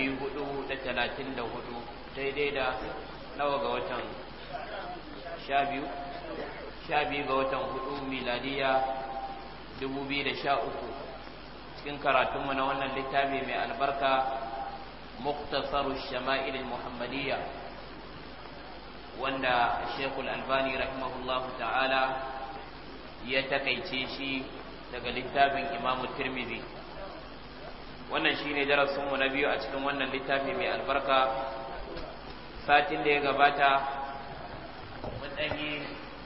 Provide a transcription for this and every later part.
400 da talatin da hudu daidai da nawa ga watan sha biyu ga watan 4 miladiya uku, cikin karatunmu na wannan littafi mai albarka muktasaru shama'il muhammadiyya wanda shekul albani rahimahullahu ta'ala ya takaice shi daga littafin imamu tirmidhi wannan shine darasinmu na biyu a cikin wannan littafi mai albarka satin da ya gabata mun ɗanyi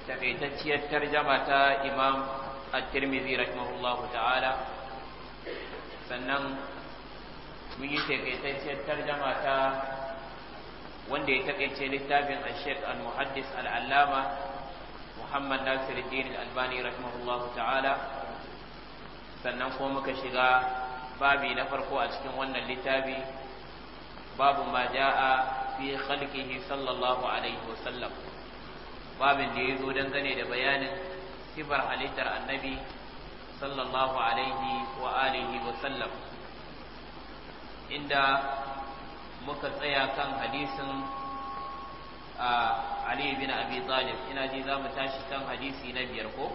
takaitacciyar tarjama ta imam at-tirmidhi rahimahullahu ta'ala sannan mun yi takaitacciyar tarjama ta wanda ya takaice littafin al-sheikh al-muhaddis al-allama muhammad nasiruddin al-albani rahimahullahu ta'ala sannan kuma muka shiga babi na farko a cikin wannan littafi babu ma ja'a fi khalqihi sallallahu alaihi wasallam babin da yazo dangane da bayanin sifar halittar annabi sallallahu alaihi wa alihi wasallam inda muka tsaya kan hadisin Ali bin Abi Talib ina ji za mu tashi kan hadisi na biyar ko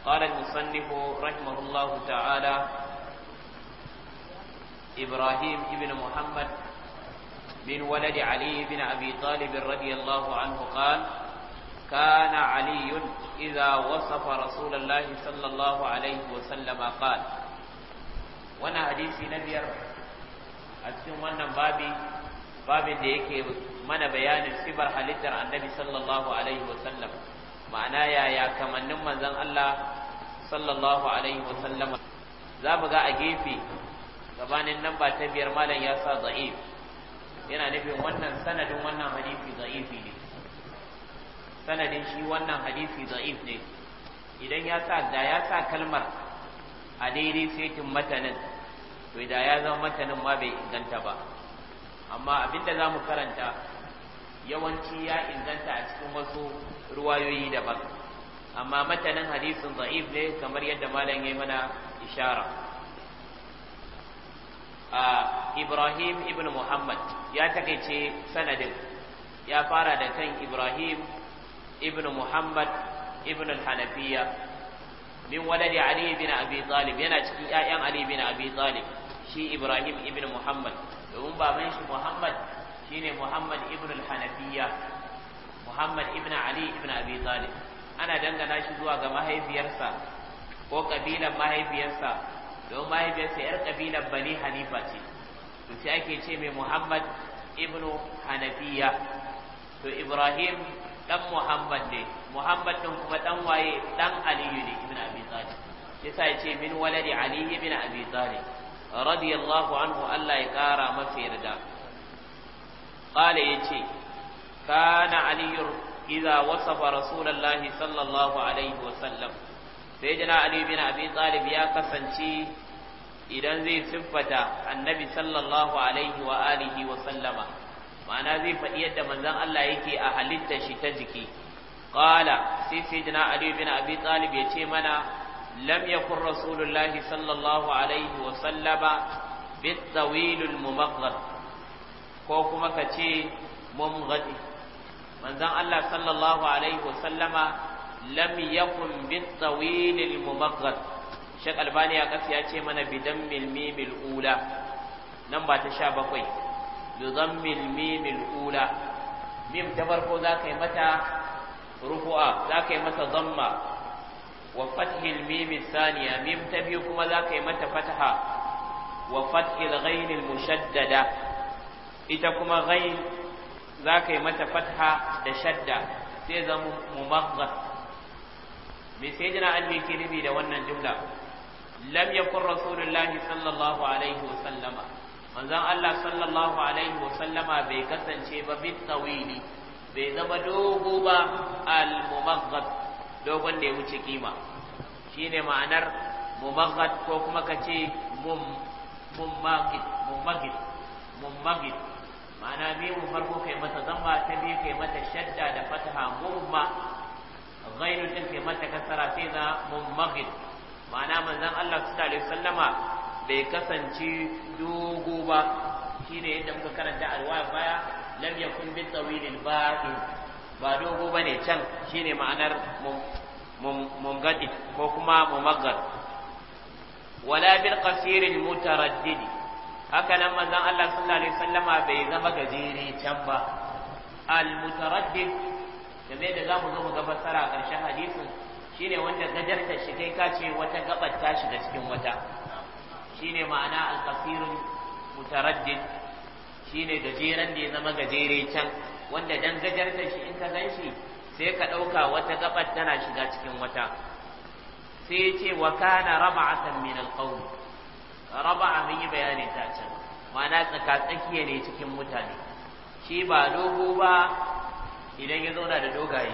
قال المصنف رحمه الله تعالى إبراهيم ابن محمد من ولد علي بن أبي طالب رضي الله عنه قال كان علي إذا وصف رسول الله صلى الله عليه وسلم قال وانا حديثي نبير أسكن وانا بابي بابي ديكي mana bayanin sifar halittar annabi sallallahu alaihi wasallam ma'ana yaya kamannin manzon Allah sallallahu alaihi wasallam za mu ga a gefe gabanin nan ba ta biyar malam ya sa za'if yana nufin wannan sanadin wannan hadisi da'ifi ne sanadin shi wannan hadisi za'if ne idan ya sa da ya sa kalmar a daidai setin matanin to da ya zama matanin ma bai inganta ba amma abinda za mu karanta yawanci ya inganta a cikin wasu ruwayoyi daban amma matanin hadisin za'if ne kamar yadda malam ya mana ishara Ibrahim ibn Muhammad ya takaice sanadin ya fara da kan Ibrahim ibn Muhammad ibn al-Hanafiya min waladi Ali ibn Abi Talib yana cikin ƴaƴan Ali ibn Abi Talib shi Ibrahim ibn Muhammad domin baban shi Muhammad shine Muhammad ibn al-Hanafiya Muhammad ibn Ali ibn Abi Talib ana dangana shi zuwa ga mahaifiyarsa ko kabilan mahaifiyarsa don mahaifiyarsa yar kabilar bani hanifa ce to sai ake ce mai muhammad ibnu hanafiya to ibrahim dan muhammad ne muhammad din kuma dan waye dan aliyu ne ibn abi talib yasa ya ce min waladi ali ibn abi talib radiyallahu anhu Allah ya kara masa yarda qala yace kana aliyu idza wasafa rasulullahi sallallahu alaihi wa sallam sai jina ali bin abi talib ya kasance idan zai siffata annabi sallallahu alaihi wa alihi wa sallama ma'ana zai faɗi yadda manzon Allah yake a halitta shi ta jiki qala sai sai jina ali bin abi talib ya ce mana lam yakun rasulullahi sallallahu alaihi wa sallama bitawilul mumaghad ko kuma kace mumghadi manzon Allah sallallahu alaihi wa sallama lam yakun bit tawil al mumaggad shek albani ya kasa ya ce mana bidan mil ula nan ba ta 17 lizammil mimil ula mim ta farko za ka yi mata rufu'a za ka yi mata zamma wa fathil mim thaniya mim ta biyu kuma za ka yi mata fataha wa ita kuma ghain ka mata fatha da shadda sai zama mumaghas me sayyidina Ali yake nufi da wannan jumla lam yakun rasulullahi sallallahu alaihi wa sallama manzon Allah sallallahu alaihi wa sallama bai kasance ba bit tawili bai zama dogo ba al mumaggad dogon da ya wuce kima shine ma'anar mumaggad ko kuma kace mum mummagid mummagid mummagid ma'ana mimun farko kai mata zamba ta biyu kai mata shadda da fataha mumma ghainun din sai mata kasara sai da mummaghid ma'ana manzon Allah sallallahu alaihi wasallama bai kasance dogo ba shine yadda muka karanta alwaya baya lam yakun bit tawilil baqi ba dogo bane can shine ma'anar mun mumgadi ko kuma mumaggad wala bil qasir al mutaraddid haka nan manzon Allah sallallahu alaihi wasallama bai zama gajere can ba al mutaraddid game da zamu zo mu ga fassara karshen hadisin shine wanda gajarta shi kai ka ce wata gabar ta shiga cikin wata shine ma'ana al-qasirun mutaraddid shine gajeren da ya zama gajere can wanda dan gajarta shi in ka gan shi sai ka ɗauka wata gabar tana shiga cikin wata sai ce wa kana rab'atan min al-qawm raba'a mun yi bayani ta can ma'ana tsakiya ne cikin mutane shi ba dogo ba idan ya zauna da dogaye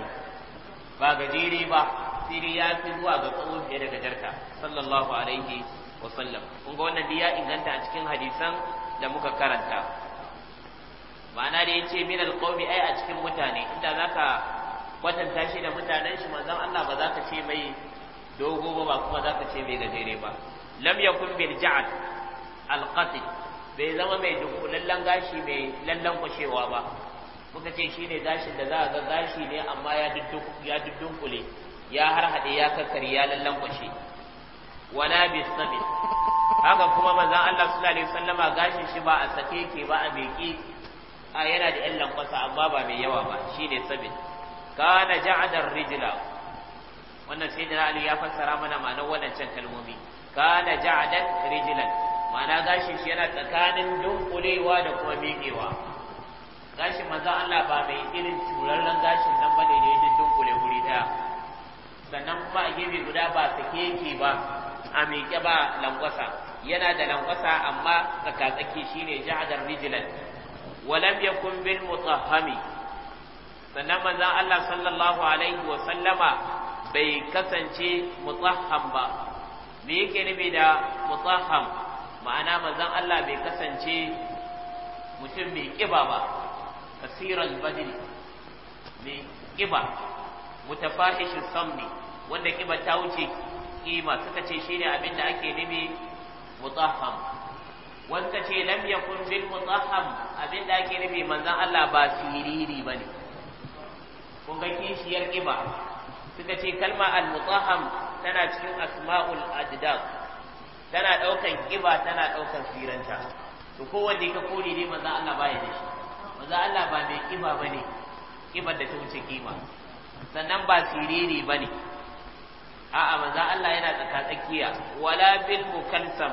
ba gajere ba siri ya fi zuwa ga tsawon fiye da gajarta sallallahu alaihi wa sallam kun ga wannan ya inganta a cikin hadisan da muka karanta ma'ana da yace min alqawmi ai a cikin mutane inda zaka kwatanta shi da mutanen shi manzon Allah ba zaka ce mai dogo ba kuma zaka ce mai gajere ba lam yakun bil ja'al alqati bai zama mai dunkulallen gashi mai lallan kwashewa ba muka ce ne gashin da za a ga gashi ne amma ya ya duddunkule ya harhaɗe ya kakkari ya lallankwashe wala bisabil haka kuma manzon Allah sallallahu alaihi wasallama gashin shi ba a sake ke ba a meke a yana da ƴan lankwasa amma ba mai yawa ba shine sabil kana ja'adar rijla wannan sai da Ali ya fassara mana ma'anar can kalmomi kana ja'adar rijlan ma'ana gashin shi yana tsakanin dunkulewa da kuma miƙewa gashin manzon Allah ba mai irin turarren gashin nan ba ne da ya dunkule guri daya sannan kuma a gefe guda ba sake keke ba a miƙe ba lankwasa yana da lankwasa amma tsakatsaki shine jahadar rijilan walam yakun bil mutahhami sannan manzon Allah sallallahu alaihi wa sallama bai kasance mutahham ba me yake nufi da mutahham ma'ana manzon Allah bai kasance mutum mai ƙiba ba kasiran badri mai kiba mutafahishin samni wanda kiba ta wuce kima suka ce shine abin da ake nufi mutahham wanda ce lam yakun bil mutahham abin da ake nufi manzon Allah ba siriri bane kun ga kishiyar kiba suka ce kalma al mutahham tana cikin asma'ul ajdad tana daukan kiba tana daukan siranta to kowanne ka kore dai manzon Allah baya da shi manzo Allah ba mai ba ne, kibar da ta wuce kima sannan ba siriri ba ne. a'a manzo Allah yana tsaka tsakiya wala bil mukalsam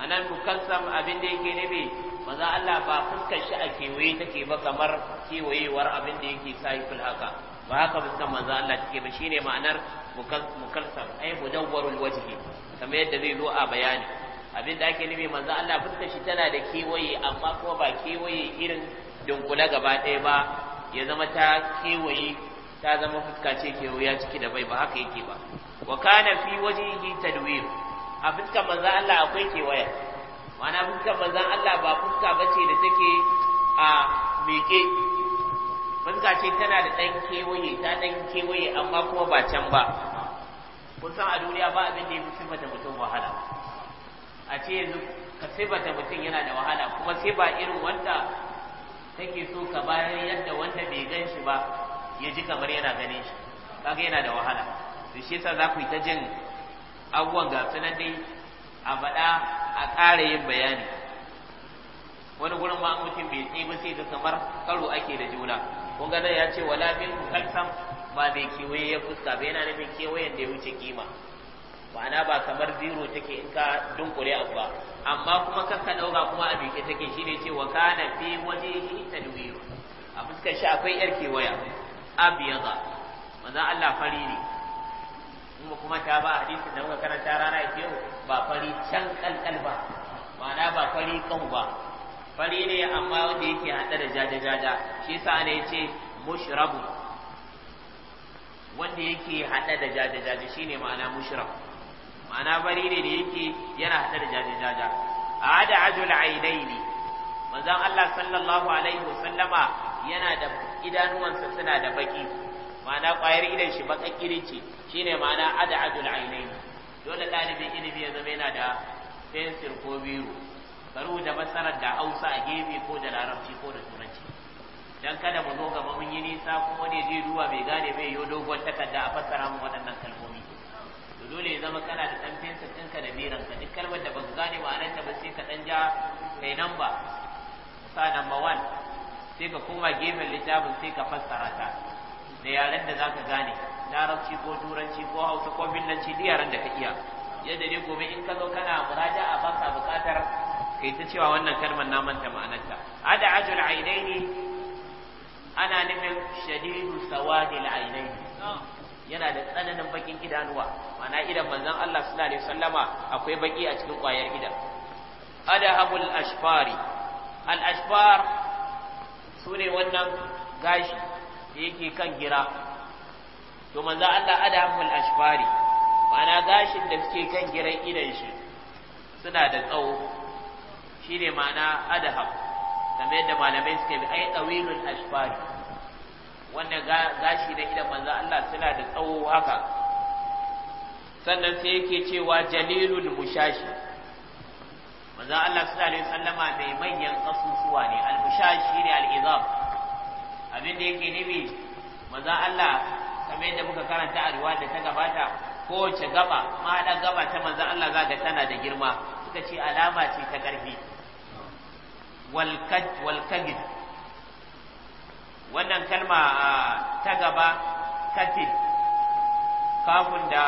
anan mukansam abin da yake nabi manzo Allah ba fuskar shi a kewaye take ba kamar kewayewar abin da yake sahifin haka ba haka fuskar manzo Allah take ba shine ma'anar mukalsam Ai mudawwarul wajhi kamar yadda zai zo a bayani abin da ake nufi manzo Allah fuskar shi tana da kewaye amma kuma ba kewaye irin dunkula gaba ɗaya ba ya zama ta kewaye ta zama fuska ce kewaya ciki da bai ba haka yake ba wa kana fi wajihi tadwir a fuskar manzo Allah akwai kewaya ma'ana fuskar manzo Allah ba fuska bace da take a miƙe fuska ce tana da ɗan kewaye ta ɗan kewaye amma kuma ba can ba kun san a duniya ba abin da ya fi sifata mutum wahala a ce yanzu ka sibata mutum yana da wahala kuma sai ba irin wanda take so ka bayar yadda wanda bai gan shi ba ya ji kamar yana ganin shi kaga yana da wahala to shi yasa za ku yi ta jin abubuwan ga sunan dai a faɗa a ƙara yin bayani wani gurin ma mutum bai tsaye ba sai ga kamar karo ake da juna kun ga ya ce wala bil mukalsam ba zai kewaye ya fuska ba yana nufin kewayen da ya wuce kima ma'ana ba kamar zero take in ka dunkule abu ba amma kuma kanka ɗauka kuma a duke take shi ne cewa kana fi waje shi ta dubiyu a fuskar shi akwai yar kewaya abiyaza manzan Allah fari ne kuma kuma ta ba hadisin da muka karanta rana ita yau ba fari can kalkal ba ma'ana ba fari kan ba fari ne amma wanda yake haɗa da jaja-jaja shi sa ne ce mushrabu wanda yake haɗa da jaja-jaja shine ma'ana mushrab ma'ana bari ne da yake yana hada da jajajaja ada ajul aidaini manzon Allah sallallahu alaihi wasallama yana da idanuwansa suna da baki ma'ana kwayar idan shi bakakkiri ce shine ma'ana ada ajul aidaini dole ɗalibin ilimi ya zama yana da fensir ko biro karu da masarar da hausa a gefe ko da larabci ko da turanci dan kada mu zo gaba mun yi nisa kuma ne zai ruwa bai gane bai yi dogon takarda a fassara mu waɗannan kalmomi dole ya zama kana da ɗan fensir ɗinka da biranka duk kalmar da ba ku gane ba sai ka ɗan ja kai nan ba sa number one sai ka koma gefen littafin sai ka fassara ta da yaren da za ka gane larabci ko turanci ko hausa ko binlanci duk yaren da ka iya yadda ne gobe in ka zo kana muraja a baka buƙatar kai ta cewa wannan kalmar na manta ma'anarta ada ajul ne, ana nufin shadidu sawadil ainaini yana da tsananin bakin idanuwa mana idan manzon Allah sallallahu alaihi wasallama akwai baki a cikin kwayar idan adahabul ashfari al ashfar sune wannan gashi da yake kan gira to manzon Allah adahabul ashfari mana gashin da suke kan giran idan shi suna da tsawo shine ma'ana adahab kamar yadda malamai suke bi ai tawilul ashfari wanda gashi na idan manzo Allah suna da tsawo haka sannan sai yake cewa jalilul mushashi manzo Allah sallallahu alaihi wasallama mai manyan kasusuwa ne al mushashi ne al izab abin da yake nufi manzo Allah kamar yadda muka karanta a riwaya da ta gabata kowace gaba ma da gaba ta manzo Allah za ga tana da girma suka ce alama ce ta karfi wal kad wal wannan kalma ta gaba katil kafin da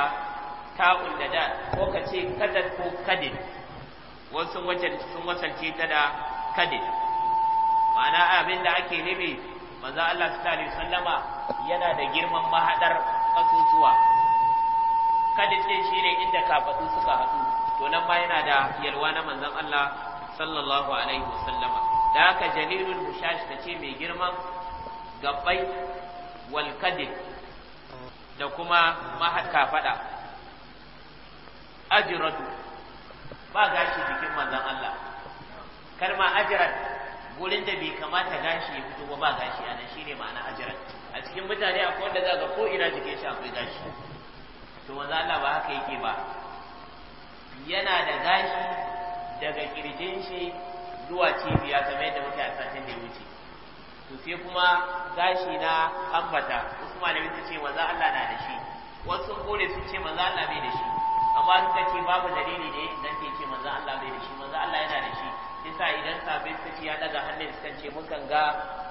ta'un da da ko ka ce kadad ko kadid wasu wajen sun wasance ta da kadid ma'ana abin da ake nufi manzo Allah sallallahu alaihi wasallama yana da girman mahadar kasusuwa kadid din shine inda kafadu suka haɗu to nan ma yana da yalwa na manzon Allah sallallahu alaihi wasallama da haka jalilul mushash ce mai girman gabbai wal da kuma mahaka fada ajradu ba gashi jikin manzon Allah kalma ajrad gurin da bai kamata gashi ya fito ba ba gashi anan shine ma'ana ajrad a cikin mutane akwai wanda za ko ina jikin shi akwai gashi to manzon Allah ba haka yake ba yana da gashi daga kirjin shi zuwa cibiya kamar yadda muke a satin da ya wuce to sai kuma gashi na ambata wasu malamai su ce maza Allah na da shi wasu kore su ce maza Allah bai da shi amma suka ce babu dalili ne dan ke ce maza Allah bai da shi maza Allah yana da shi yasa idan sabai suka ce ya daga hannun suka ce mukan ga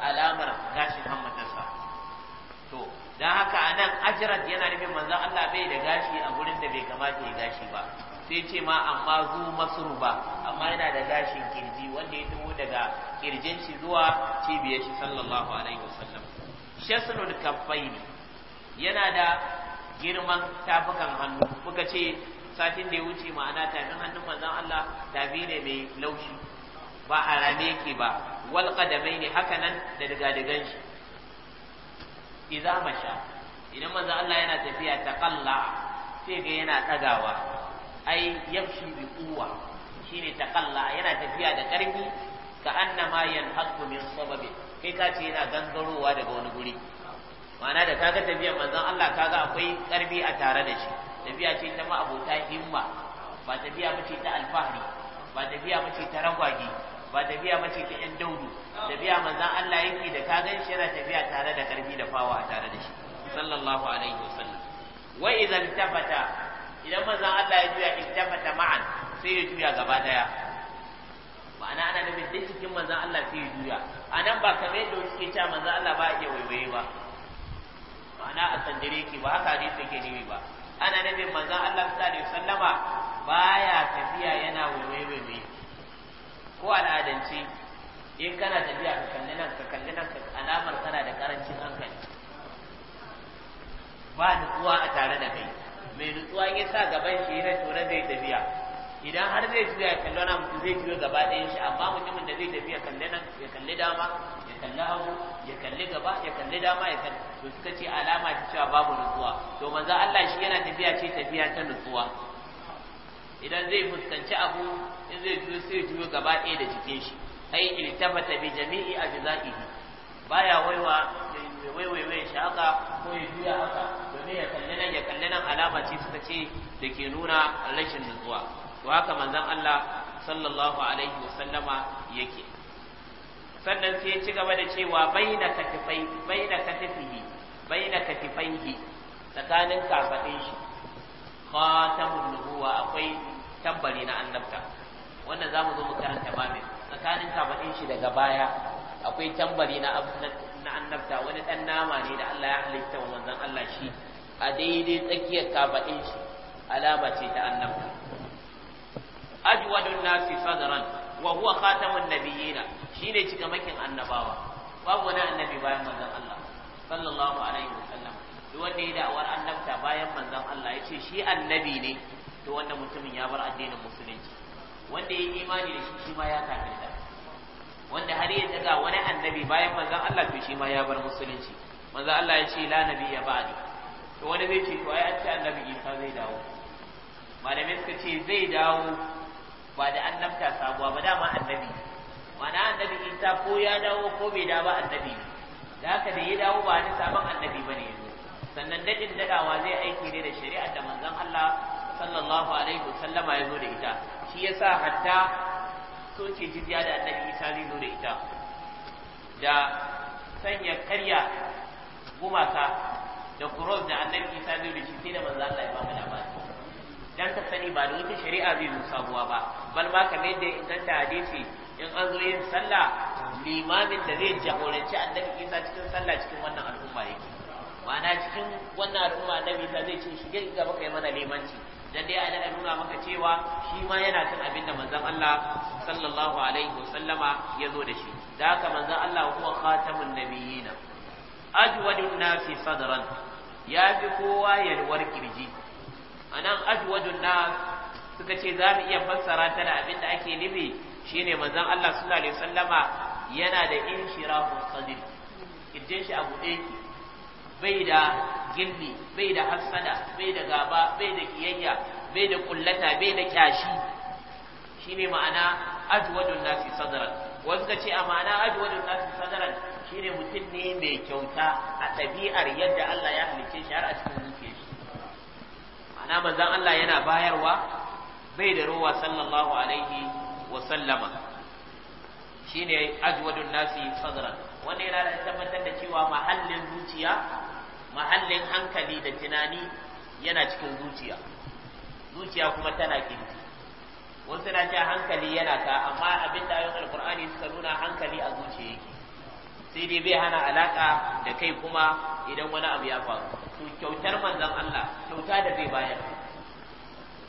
alamar gashin hammatarsa to dan haka anan ajrat yana nufin manzo Allah bai da gashi a gurin da bai kamata ya gashi ba sai ce ma amma zu ba, amma yana da gashin kirji wanda ya dubo daga kirjin shi zuwa cibiyar shi sallallahu alaihi wasallam shaslul kaffaini yana da girman tafukan hannu muka ce satin da ya wuce ma'ana tafin hannun manzon Allah tafi ne mai laushi ba a rame yake ba wal qadamai ne haka nan da diga-digan shi idza masha idan manzon Allah yana tafiya taqalla sai ga yana tagawa ai yamshi bi quwwa shine taqalla yana tafiya da karfi ka annama yanhaqu min sababi kai ka ce yana gangarowa daga wani guri ma'ana da kaga tafiya manzon Allah kaga akwai karfi a tare da shi tafiya ce ta ma'abota himma ba tafiya mace ta alfahari ba tafiya mace ta ragwage ba tafiya mace ta yan daudu tafiya manzon Allah yake da ka gan shi yana tafiya tare da karfi da fawa a tare da shi sallallahu alaihi wasallam wa idan tabata idan manzon Allah ya juya iktafata ma'an sai ya juya gaba daya ma'ana ana nufin duk cikin manzon Allah sai ya juya anan ba kamar yadda wasu ke cewa manzon Allah ba ya waiwaye ba ma'ana a sandare ki ba haka hadisi yake nemi ba ana nufin manzon Allah sallallahu alaihi wasallama baya tafiya yana waiwaye ko al'adance in kana tafiya ka kalli nan ka kalli nan ka alamar kana da karancin hankali ba nutsuwa a tare da kai mai nutsuwa ya sa gaban shi yana tsoro zai tafiya idan har zai ci ya kalli wani mutum zai ciwo gaba ɗayan shi amma mutumin da zai tafi ya kalli nan ya kalli dama ya kalli hagu ya kalli gaba ya kalli dama ya kalli to suka ce alama ta cewa babu nutsuwa to manzo Allah shi yana tafiya ce tafiya ta nutsuwa idan zai fuskanci abu in zai juyo sai ya juyo gaba ɗaya da jikin shi ai iltafata bi jami'i ajza'ihi baya waiwa ya waiwaiwaye shi haka ko ya juya haka domin ya kalli nan ya kalli nan alama ce suka ce da ke nuna rashin nutsuwa to haka manzon Allah sallallahu alaihi wa sallama yake sannan sai ya ci gaba da cewa baina katifai baina katifihi baina katifaihi tsakanin kafadin shi khatamun nubuwa akwai tambari na annabta wannan zamu zo mu karanta babin tsakanin kafadin shi daga baya akwai tambari na abu annabta wani dan nama ne da Allah ya halitta wa manzon Allah shi a daidai tsakiyar kabaɗin shi alama ce ta annabta ajwadun nasi sadran wa huwa khatamun nabiyina shine cikamakin annabawa babu wani annabi bayan manzon Allah sallallahu alaihi wasallam duk wanda ya da'awar annabta bayan manzon Allah ya ce shi annabi ne to wanda mutumin ya bar addinin musulunci wanda ya imani da shi shi ma ya kafirta wanda har ya daga wani annabi bayan manzon Allah to shi ma ya bar musulunci manzon Allah ya ce la nabi ya ba'di to wani zai ce to ai an ce annabi Isa zai dawo malamai suka ce zai dawo ba da annabta sabuwa ba dama annabi mana annabi Isa ko ya dawo ko bai dawo annabi ne da haka da ya dawo ba ni sabon annabi ba ne. sannan dadin dadawa zai aiki ne da shari'ar da manzon Allah sallallahu alaihi wasallama ya zo da ita shi yasa hatta soke ya da annabi isa zai zo da ita da sanya karya gumaka da kuros da annabi isa zai da shi sai da manzo Allah ya ba mu labari dan ta sani ba da wata shari'a zai zo sabuwa ba bal ma kamar yadda inganta hadisi in an zo yin sallah limamin da zai jagoranci annabi isa cikin sallah cikin wannan al'umma yake ma'ana cikin wannan al'umma annabi isa zai ce shige gaba kai mana limanci dan dai ana nuna maka cewa shi ma yana kan abin da manzon Allah sallallahu alaihi wasallama ya zo da shi da haka manzon Allah huwa khatamun nabiyina ajwadun nasi sadran ya fi kowa yalwar kirji anan ajwadun na suka ce za mu iya fassara ta da abin da ake nufi shine manzon Allah sallallahu alaihi wasallama yana da inshirahu sadri kirjin shi abu ɗaya bai da girbi bai da hassada bai da gaba bai da kiyayya bai da kullata bai da kyashi shine ma'ana ajwadun nasi sadran wasu ka ce a ma'ana ajwadun nasi sadran shine mutum ne mai kyauta a tabi'ar yadda Allah ya halice shi har a cikin zuciyar shi ma'ana manzon Allah yana bayarwa bai da ruwa sallallahu alaihi wa sallama shine ajwadun nasi sadran wannan yana tabbatar da cewa mahallin zuciya mahallin hankali da tunani yana cikin zuciya zuciya kuma tana kirki wasu na ce hankali yana ka amma abin da ayyukan alkur'ani suka nuna hankali a zuciya yake sai dai bai hana alaka da kai kuma idan wani abu ya faru to kyautar manzon Allah kyauta da zai bayar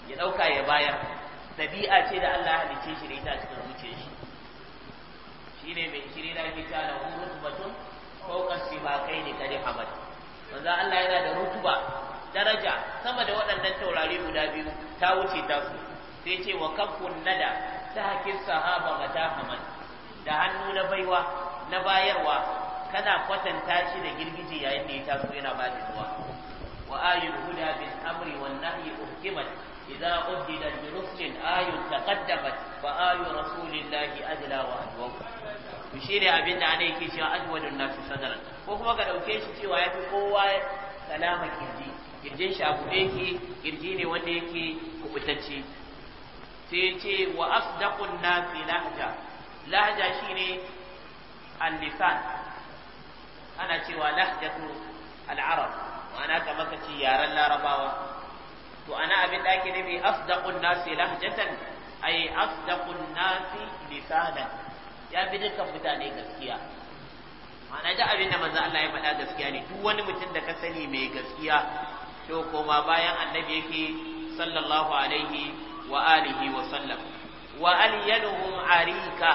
ya dauka ya bayar dabi'a ce da Allah halice shi da ita cikin zuciyar shi shine mai shirira kita da rutbatun fawqa sibaqaini qad hamad manzo Allah yana da rutuba daraja sama da waɗannan taurari guda biyu ta wuce ta su sai ce wa kafun nada ta hakin sahaba matahaman da hannu na baiwa na bayarwa kana kwatanta shi da girgije yayin da ya taso yana ba da ruwa wa ayul huda bil amri wan nahyi uhkimat idza uddida bi rusulin ayun taqaddamat fa ayu rasulillahi ajla wa adwa to shine abin da ana yake cewa ajwadun nasu sadran ko kuma ka ɗauke shi cewa fi kowa salama kirji kirjin shi abu da yake kirji ne wanda yake kubutacce sai ce wa asdaqun nasi lahja lahja shine al-lisan ana cewa lahjatu al-arab ma'ana kamar ka ce yaren larabawa to ana abin da ake nufi asdaqun nasi lahjatan ay asdaqun nasi lisanan ya fi dukkan mutane gaskiya ma'ana da abin da manzo Allah ya faɗa gaskiya ne duk wani mutum da ka sani mai gaskiya to koma bayan annabi yake sallallahu alaihi wa alihi wa sallam wa alyanuhum arika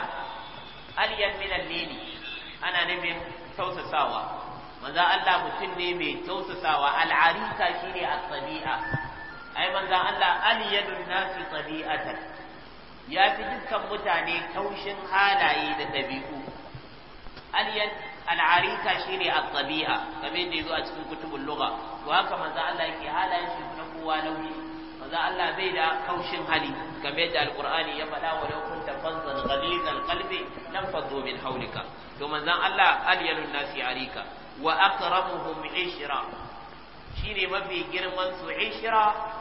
aliyan min al-lili ana nufin tausasawa manzo Allah mutum ne mai tausasawa al-arika shine as-sabi'a ai manzo Allah alyanun nasi tabi'atan ya fi dukkan mutane taushin halaye da ɗabi'u al'arika shi ne a tsabiha game da ya zo a cikin kutubun luga to haka manzan Allah yake halayen shi na kowa nauyi manzan Allah bai da kaushin hali game da alƙur'ani ya faɗa wa yau kunta fanzan ghalizal qalbi lam fadhu min hawlika to manzan Allah alyanun nasi arika wa aqrabuhum ishra shine mafi girman su ishra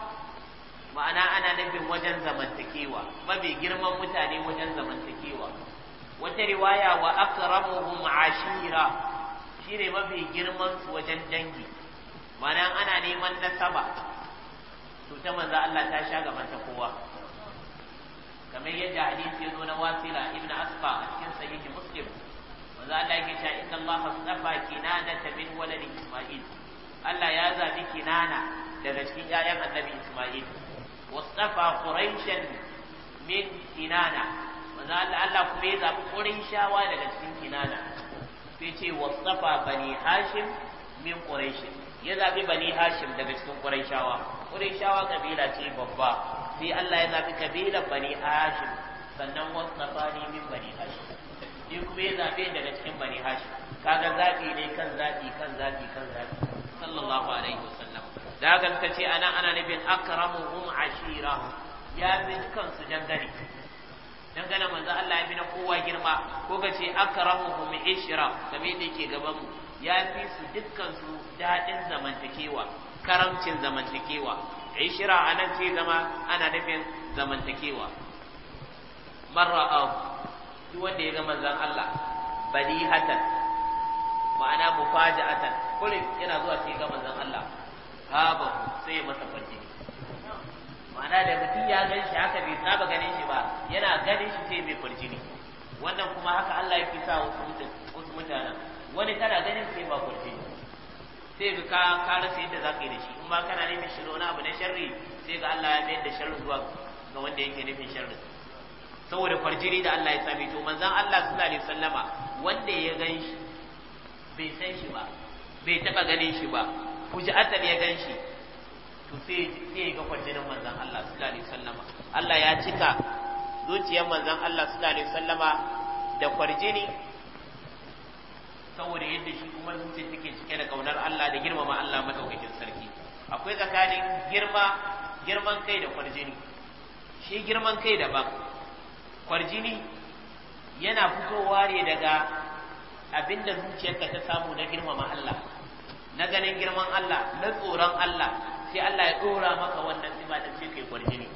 ma'ana ana nufin wajen zamantakewa mafi girman mutane wajen zamantakewa wata riwaya wa akramuhum ashira shine mafi girman su wajen dangi ma'ana ana neman nasaba to ta manzo Allah ta sha gaban ta kowa kamar yadda hadisi ya zo na wasila ibn asfa a cikin sahihi muslim manzo Allah yake ma inna Allah astafa kinana ta min walad isma'il Allah ya zabi kinana daga cikin ƴaƴan annabi isma'il wasafa quraishan min kinana manzo Allah kuma ya zabi quraishawa daga cikin kinana sai ce wasafa hashim min quraish ya zabi bani hashim daga cikin quraishawa quraishawa kabila ce babba sai Allah ya zabi kabilar bani hashim sannan wasafa ni min bani hashim ni kuma ya zabe daga cikin bani hashim kaga zabi ne kan zaɓi kan zaɓi kan zaɓi sallallahu alaihi wasallam da haka suka ce ana ana nufin akramuhum ashira ya fi kansu dangane dangane manzo Allah ya bi na kowa girma ko ka ce akramuhum ishra kamar yadda ke gaban mu ya fi su dukkan daɗin zamantakewa karamcin zamantakewa a anan ce zama ana nufin zamantakewa marra'ahu duk wanda ya ga manzon Allah hatan, ma'ana mufaja'atan kullum yana zuwa sai ga manzon Allah sabahu sai ya masa farji ma'ana da mutum ya gan shi haka bai saba ganin shi ba yana ganin shi sai mai farjini wannan kuma haka Allah yake sa wasu mutanen wani kana ganin sai ba farjini sai ga ka ka rasa yadda zaka yi da shi in ba kana mai shiro na abu na sharri sai ga Allah ya mayar da sharri zuwa ga wanda yake nufin sharri saboda farjini da Allah ya sami to manzon Allah sallallahu alaihi wasallama wanda ya gan shi bai san shi ba bai taba ganin shi ba Ku ji fuja'atan ya ganshi to sai ya yi ga jinin manzan Allah sallallahu alaihi wasallama Allah ya cika zuciyar manzan Allah sallallahu alaihi wasallama da kwarjini saboda yadda shi kuma zuciyar take cike da kaunar Allah da girmama Allah madaukakin sarki akwai tsakanin girma girman kai da kwarjini shi girman kai daban kwarjini yana fitowa ne daga abinda zuciyarka ta samu na girmama Allah na ganin girman Allah na tsoron Allah sai Allah ya dora maka wannan sifa da sai kai kwarjini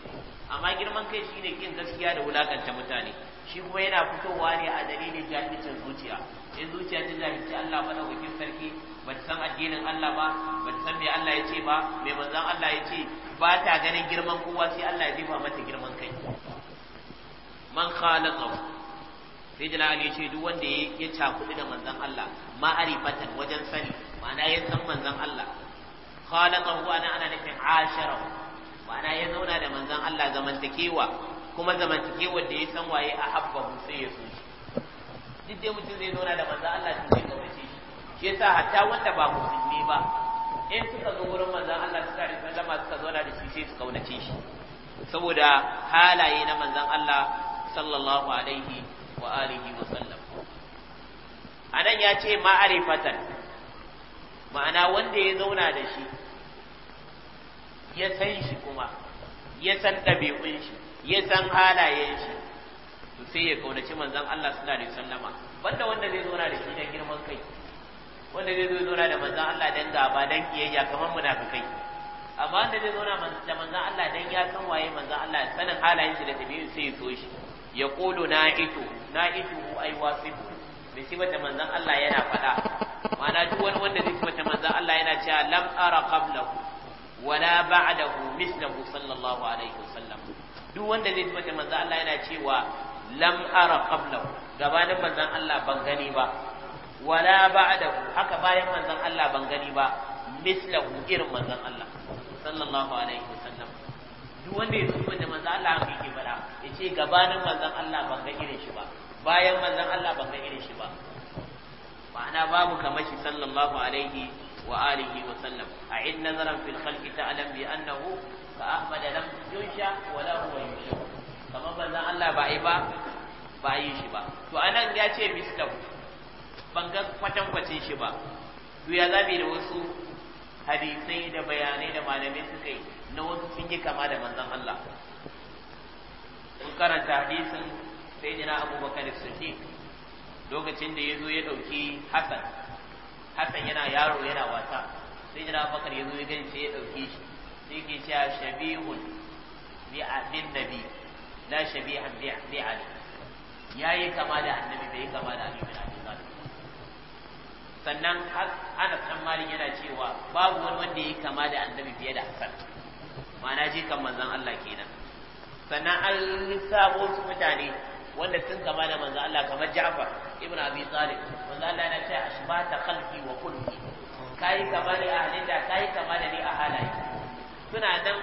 amma girman kai shine kin gaskiya da wulakanta mutane shi kuma yana fitowa ne a dalilin jahilcin zuciya in zuciya ta jahilci Allah madaukakin sarki ba san addinin Allah ba ba san me Allah ya ce ba me manzon Allah ya ce ba ta ganin girman kowa sai Allah ya jefa mata girman kai man khalaqahu sai jina ali ce duk wanda ya cakudu da manzon Allah ma'arifatan wajen sani ma'ana ya san manzon Allah khalaqahu ana ana nufin asharahu ma'ana ya zauna da manzon Allah zamantakewa kuma zamantakewa da ya san waye a habbahu sai ya so shi duk dai mutum zai zauna da manzon Allah shi zai kawace shi shi yasa hatta wanda ba musulmi ba in suka zo wurin manzon Allah suka rika zama suka zauna da shi sai su kaunace shi saboda halaye na manzon Allah sallallahu alaihi wa alihi wa sallam anan ya ce ma'arifatan ma'ana wanda ya zauna da shi ya san shi kuma ya san ɗabi'un shi ya san halayen shi to sai ya kaunaci manzon Allah sallallahu alaihi wasallama banda wanda zai zauna da shi dan girman kai wanda zai zo zauna da manzon Allah dan gaba dan kiyayya kamar munafikai amma wanda zai zauna da manzon Allah dan ya san waye manzon Allah sanin halayen shi da ɗabi'un sai ya so shi ya ito na'itu na'itu ay wasifu bi sibata manzon Allah yana faɗa ma'ana duk wani wanda zai sifanta manzon Allah yana cewa lam ara qablahu wala ba'dahu mislahu sallallahu alaihi wasallam duk wanda zai sifanta manzon Allah yana cewa lam ara qablahu gabanin manzon Allah ban gani ba wala ba'dahu haka bayan manzon Allah ban gani ba mislahu irin manzon Allah sallallahu alaihi wasallam duk wanda ya sifanta manzon Allah bai ke bara yace gabanin manzon Allah ban ga irin shi ba bayan manzon Allah ban ga irin shi ba ma'ana babu kamar shi sallallahu alaihi wa alihi wa sallam a in nazaran fil khalqi ta'lam bi annahu ka ahmad lam yunsha wa la huwa yunsha kamar banzan Allah ba ai ba ba yi shi ba to anan ya ce mislahu ban ga kwatankwacin shi ba to ya zabi da wasu hadisai da bayanai da malamai suka yi na wasu sun yi kama da manzon Allah kun karanta hadisin sayyidina abubakar siddiq lokacin da ya zo ya ɗauki Hassan Hassan yana yaro yana wasa sai jira bakar ya zo ya gani sai ya ɗauke shi sai ke cewa shabihun bi abin nabi la shabihan bi ali yi kama da annabi bai kama da ali bin abi talib sannan Anas dan Malik yana cewa babu wani wanda yake kama da annabi fiye da Hassan ma'ana jikan manzon Allah kenan sannan an sabo su mutane wanda sun kama da manzo Allah kamar Ja'far ibn Abi Talib manzo Allah yana cewa asbata khalqi wa kulli kai kama da ahlida kai kama da ni a halaye suna nan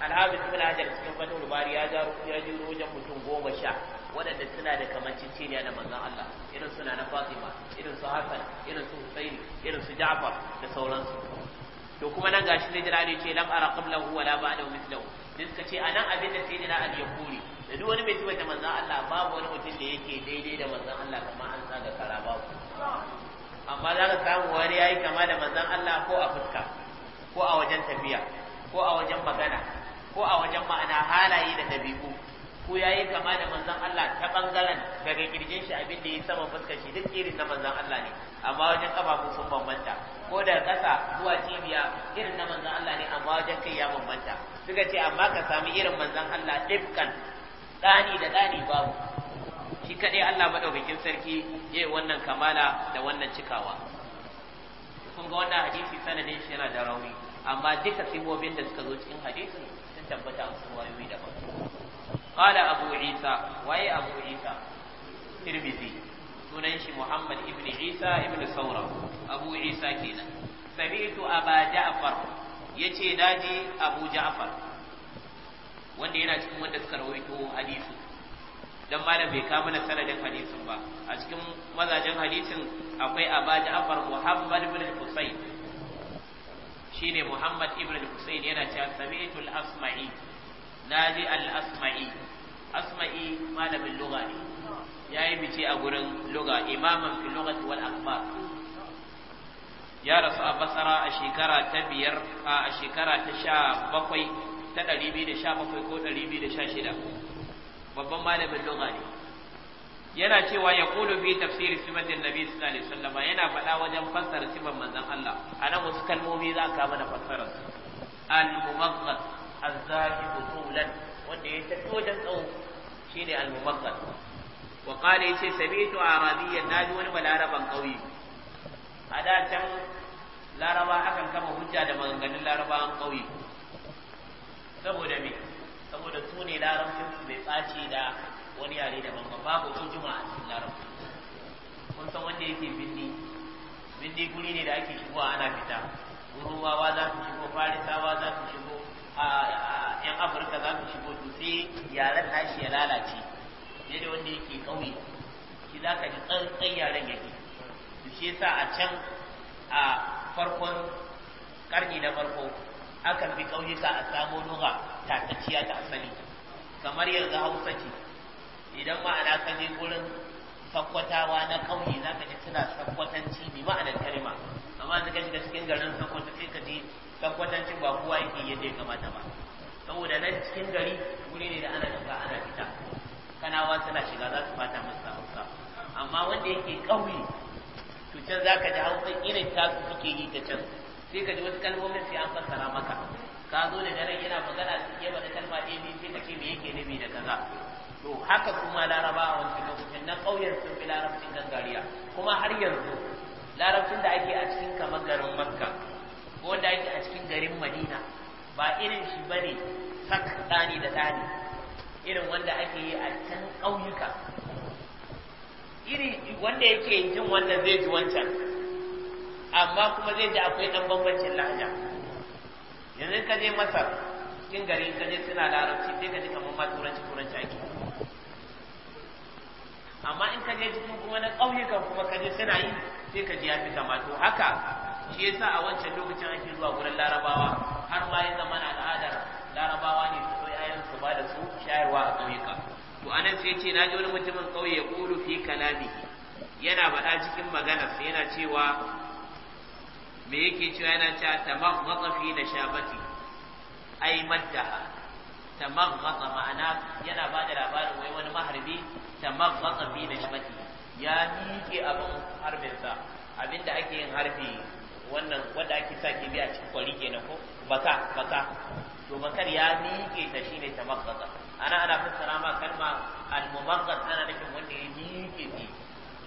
alhabis ibn Hajar cikin fatul bari ya ga ya jiro wajen mutum goma sha waɗanda suna da kamanceceniya da manzon Allah irin suna na Fatima irin su Hassan irin su Husaini irin su Ja'far da sauransu to kuma nan gashi ne jira ne ce lam ara qablahu wala ba'dahu mithlahu din ka ce anan abin da sai na al-yaquli da duk wani mai da manzan Allah babu wani mutum da yake daidai da manzan Allah kuma an sa da kara babu amma za ka samu wani yayi kama da manzan Allah ko a fuska ko a wajen tafiya ko a wajen magana ko a wajen ma'ana halaye da dabi'u ko yayi kama da manzan Allah ta bangaren daga kirjin shi abin da yi sama fuskar shi duk irin na manzan Allah ne amma wajen kafafu sun bambanta ko da ƙasa zuwa cibiya irin na manzan Allah ne amma wajen kai ya bambanta suka ce amma ka sami irin manzan Allah ɗifkan ɗani da ɗani babu shi kaɗai Allah maɗaukakin sarki ya yi wannan kamala da wannan cikawa kun ga wannan hadisi sanadin shi yana da rauni amma duka sibobin da suka zo cikin hadisi sun tabbata a cikin wayoyi daban qala abu isa waye abu isa tirmidhi sunan shi muhammad ibn isa ibn saura abu isa kenan Sabitu aba ja'far yace daji abu ja'far wanda yana cikin wanda suka rawaito hadisi dan malam bai kama mana sanadin hadisin ba a cikin mazajen hadisin akwai Aba Ja'far Muhammad ibn Husayn shine Muhammad ibn Husayn yana cewa sami'tu al-Asma'i naji al-Asma'i Asma'i malamin lugha ne yayi bice a gurin lugha imaman fi lughati wal akhbar ya rasu a basara a shekara ta biyar a shekara ta sha bakwai ta 217 ko 216 babban malamin lugha ne yana cewa ya kulu fi tafsir sifatin nabi sallallahu alaihi wasallam yana faɗa wajen fassara sifan manzon Allah anan wasu kalmomi za ka mana fassarar su al mumaghaz az-zahid tulan wanda ya tafi wajen tsawo shine al mumaghaz wa qala yace sami'tu arabiyyan naji wani balaraban kauye a da can laraba akan kama hujja da maganganun larabawan kauye saboda me saboda sune ne larabcin su bai tsace da wani yare daban ba babu juma a cikin larabci kun san wanda yake bindi bindi guri ne da ake shigo ana fita rumawa za su shigo farisawa za su shigo yan afirka za su shigo to sai yaren nashi ya lalace ne da wanda yake kauye shi za ka ji tsantsan yaren yake to shi yasa a can a farkon karni na farko akan fi ƙauyuka a samo lugha tatacciya ta asali kamar yanzu hausa ce idan ma'ana ka je gurin sakwatawa na ƙauye za ka ji suna sakwatanci bi ma'anar kalma amma da ka shiga cikin garin sakwata sai ka ji sakkwatancin ba kowa yake yadda ya kamata ba saboda nan cikin gari wuri ne da ana shiga ana fita kanawa suna shiga za su fata masa hausa amma wanda yake ƙauye to can za ka ji hausa irin tasu suke yi ta can sai ka ji wasu kalmomin sai an fassara maka ka zo da daren yana magana ke bada kalma a biyu sai ka ce me yake nufi da kaza to haka kuma laraba a wancan lokacin na ƙauyen sun fi larabcin gangariya kuma har yanzu larabcin da ake a cikin kamar garin makka ko wanda ake a cikin garin madina ba irin shi ba ne sak ɗani da ɗani irin wanda ake yi a can ƙauyuka iri wanda yake jin wannan zai ji wancan amma kuma zai ji akwai ɗan bambancin lahaja yanzu ka je masar cikin gari ka je suna larabci sai ka ji kamar ma turanci turanci ake amma in ka je cikin kuma na ƙauyukan kuma ka je suna yi sai ka ji ya fi kama to haka shi yasa a wancan lokacin ake zuwa gurin larabawa har ma ya zama al'adar larabawa ne su so yayan su ba da su shayarwa a ƙauyuka to anan sai ce na ji wani mutumin ƙauye ya ƙulu fi kalamihi yana faɗa cikin maganarsa yana cewa me yake cewa yana cewa tamaghatha fi nashabati ay maddaha tamaghatha ma'ana yana ba da labarin wai wani maharbi tamaghatha fi shabati ya miƙe abin harbinsa abinda ake yin harbi wannan wanda ake sa kibi a cikin kwari kenan ko baka baka to bakar ya miƙe ta shine tamaghatha ana ana fassara ma kalma al-mumaghzath ana nufin wanda ya miƙe ne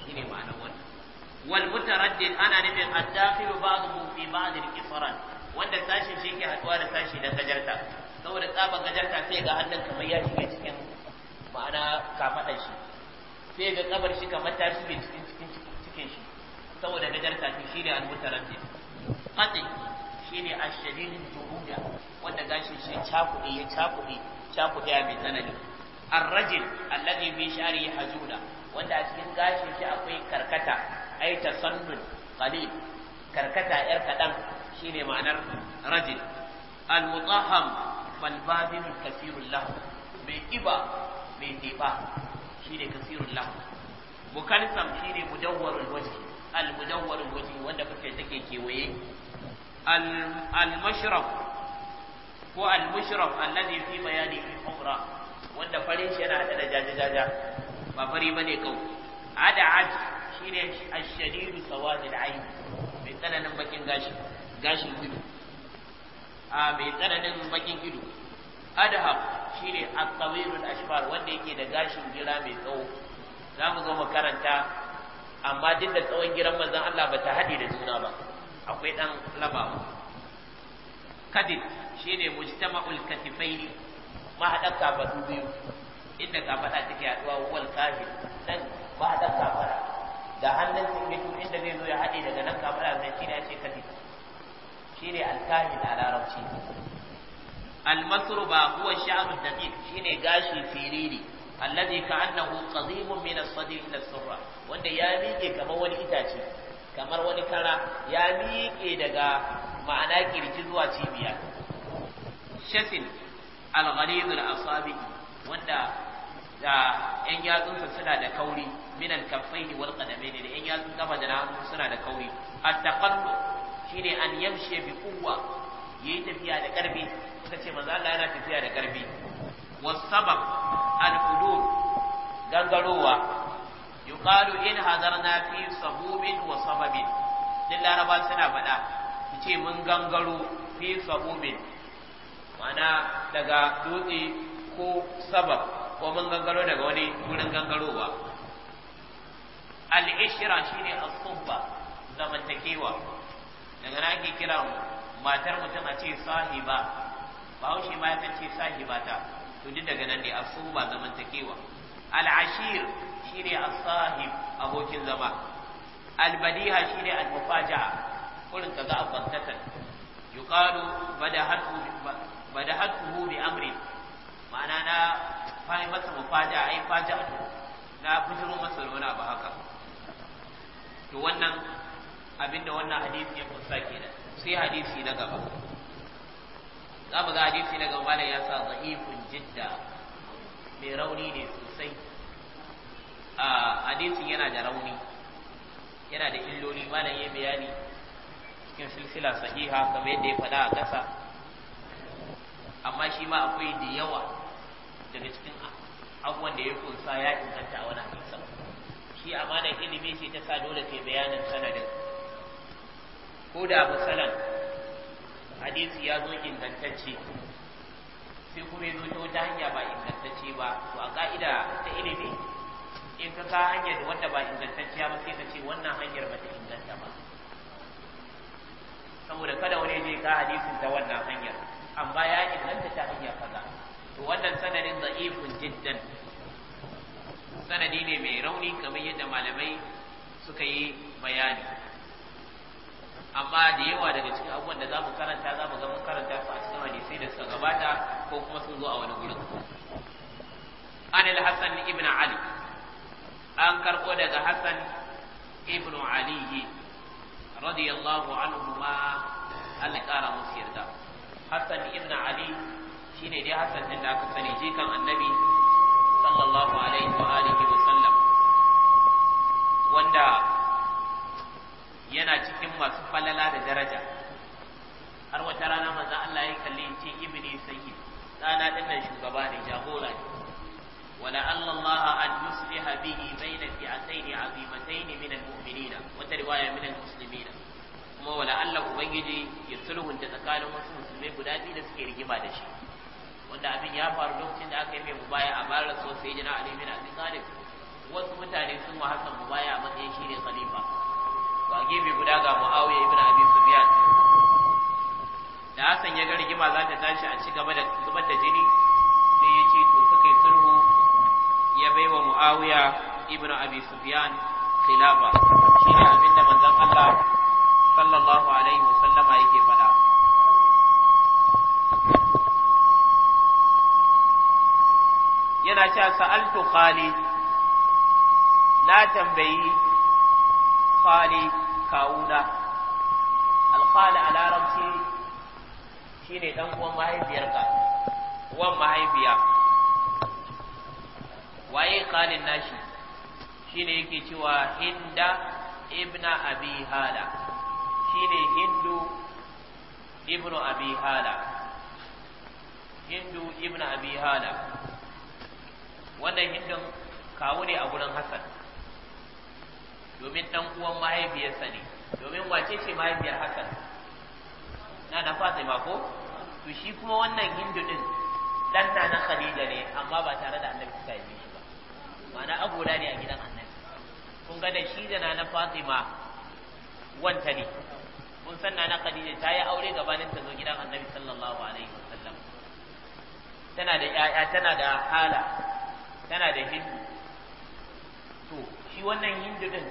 shine ma'anar wannan wal mutaraddid ana nufin addakhilu ba'dhu fi ba'd al-qisran wanda sashin shi ke haduwa da sashi da gajarta saboda tsaba gajarta sai ga hannun kamar ya shiga cikin ma'ana kafadar shi sai ga kabar shi kamar ta shige cikin shi saboda gajarta shi shine al-mutaraddid qati shine ash-shadidul juhuda wanda gashin shi cakuɗe ya cakuɗe cakuɗe mai tsanani الرجل الذي في شعره حجوله wanda a cikin gashin shi akwai karkata ai tasannun qalil karkata yar kadan shine ma'anar rajul al mutahham fal badin kasirul lahu mai kiba mai tiba shine kasirul lahu mukalsam shine mudawwarul wajhi al mudawwarul wajhi wanda fuskar take kewaye al al mashrab ko al mushrab alladhi fi bayanihi ukhra wanda farin shi yana hada da jajajaja ba fari bane kau ada'at shine ash-shadidu sawadil ayn mai tsananin bakin gashi gashin ido a mai tsananin bakin ido adhab shine at tawilul ashbar wanda yake da gashin gira mai tsawo za mu zo mu karanta amma duk da tsawon giran manzon Allah ba ta haɗe da juna ba akwai dan labawa kadid shine mujtama'ul katifaini ma haɗa ba biyu inda kafada take haduwa wal qabil dan ba da kafara da hannun sun mutu inda zai zo ya haɗe daga nan kafara sai shi ne ya ce kadi shi ne alkahin a larabci almasru ba huwa sha'ru shi shine gashi firiri alladhi ka'annahu qadimun min as-sadr ila as-surra wanda ya miƙe kamar wani itace kamar wani kara ya miƙe daga ma'ana kirji zuwa cibiya shasin al-ghalid al-asabi wanda da yan yatsunsa suna da kauri min al-kaffaini wal qadamaini da yan yatsun kafa da hannu suna da kauri at-taqallu shine an yamshi bi quwwa yayi tafiya da karfi suka ce manzo Allah yana tafiya da karfi was-sabab al gangarowa gangarowa yuqalu in hadarna fi sabubin wa sababin din laraba suna faɗa su ce mun gangaro fi sabubin mana daga dutse ko sabab ko mun gangaro daga wani wurin gangarowa al-ishra shine as-suhba zamantakewa daga nan ake kira matar mutum a ce sahiba bahaushe ma yakan ce sahiba ta to duk daga nan ne as-suhba zamantakewa al-ashir shine as-sahib abokin zama al-badiha shine al-mufaja'a kullun kaga abantatan yuqalu badahatu badahatu bi amri ma'ana na fayi masa mufaja yi faja na bujiro masa rona ba haka to wannan abinda wannan hadisi ya kusa da sai hadisi na gaba za mu ga hadisi na gaba malam ya sa zahifun jidda mai rauni ne sosai a yana da rauni yana da illoli malam ya bayani cikin silsila sahiha kamar yadda ya faɗa a ƙasa amma shi ma akwai da yawa daga cikin abubuwan da ya kunsa ya inganta a wani hadisan shi amanar ilimi ce ta sa dole ke bayanin sanadin ko da misalan hadisi ya zo ingantacce sai kuma ya zo ta wata hanya ba ingantacce ba to a ka'ida ta ilimi in ka ka hanyar wanda ba ingantacciya ba sai ka ce wannan hanyar ba ta inganta ba saboda kada wani je ka hadisin ta wannan hanyar amma ya inganta ta hanyar kaza to wannan sanadin da'ifun jiddan sanadi ne mai rauni kamar yadda malamai suka yi bayani amma da yawa daga cikin abubuwan da za mu karanta za mu ga mun karanta su a cikin hadisai da suka gabata ko kuma sun zo a wani gurin an al-hasan ibn ali an karbo daga Hassan ibn ali radiyallahu anhu ma an ya kara musu yarda Hassan ibn ali Shi ne dai Hassan din da aka sani jikan annabi sallallahu alaihi wa alihi wa sallam wanda yana cikin masu falala da daraja har wata rana manzo Allah ya kalli ce ibni sayyid dana din nan shugaba ne jagora ne wala Allah an yusliha bihi bayna fi'atayn azimatayn min al-mu'minina wata riwaya min al kuma wala Allah ubangiji ya sulhunta tsakanin wasu musulmai guda biyu da suke rigima da shi wanda abin ya faru lokacin da aka yi mai mubaya a bayar so sai jina Ali bin Abi Talib wasu mutane sun wa Hassan mubaya a matsayin shi ne khalifa to a gefe guda ga Muawiya ibn Abi Sufyan da Hassan ya ga rigima za ta tashi a ci gaba da zubar da jini sai ya ce to suka yi sulhu ya baiwa Muawiya ibn Abi Sufyan khilafa shi abi hala hindu ibn abi hala wannan hindun kawo ne a gurin Hassan, domin ɗan uwan mahaifiyarsa ne domin wace ce mahaifiyar Hassan, na da fatima ko to shi kuma wannan hindu ɗin dan na na khadija ne amma ba tare da annabi ta yi shi ba ma'ana agoda ne a gidan annabi kun ga da shi da na fatima wanta ne mun san nana Khadija ta yi aure gabanin ta zo gidan Annabi sallallahu alaihi wasallam tana da yaya tana da hala tana da hindu to shi wannan hindu din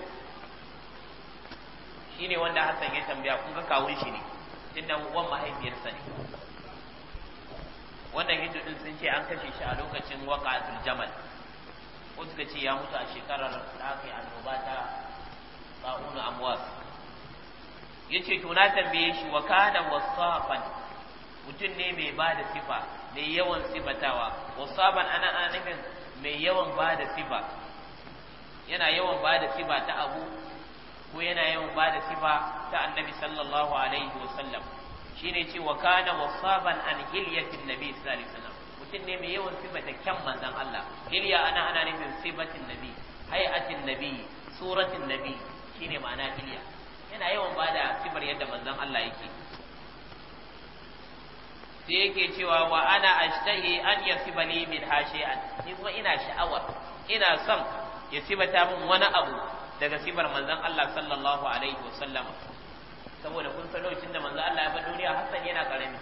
shine wanda Hassan ya tambaya kun ga kawun shi ne tunda mahaifiyar mahaifiyarsa ne wannan hindu din sun ce an kashe shi a lokacin waqa'atul jamal ko suka ce ya mutu a shekarar da aka yi annoba ta ba'una amwas yace to na tambaye shi wa kana wasafan mutum ne mai ba da sifa mai yawan sifatawa wasaban ana ana nufin mai yawan ba da sifa yana yawan ba da sifa ta abu ko yana yawan ba da sifa ta annabi sallallahu alaihi wasallam shine ce wa kana wasaban an hilyatin nabi sallallahu alaihi wasallam mutum ne mai yawan sifata kyan manzon Allah hilya ana ana nufin sifatin nabi hay'atin nabi suratin nabi shine ma'ana hilya ina yawan bada sifar yadda manzon Allah yake sai yake cewa wa ana ashtahi an yasiba li min hashi'an ni kuma ina sha'awar ina son ya sibata min wani abu daga sifar manzon Allah sallallahu alaihi wa sallama. saboda kun san lokacin da manzon Allah ya bar duniya Hassan yana karami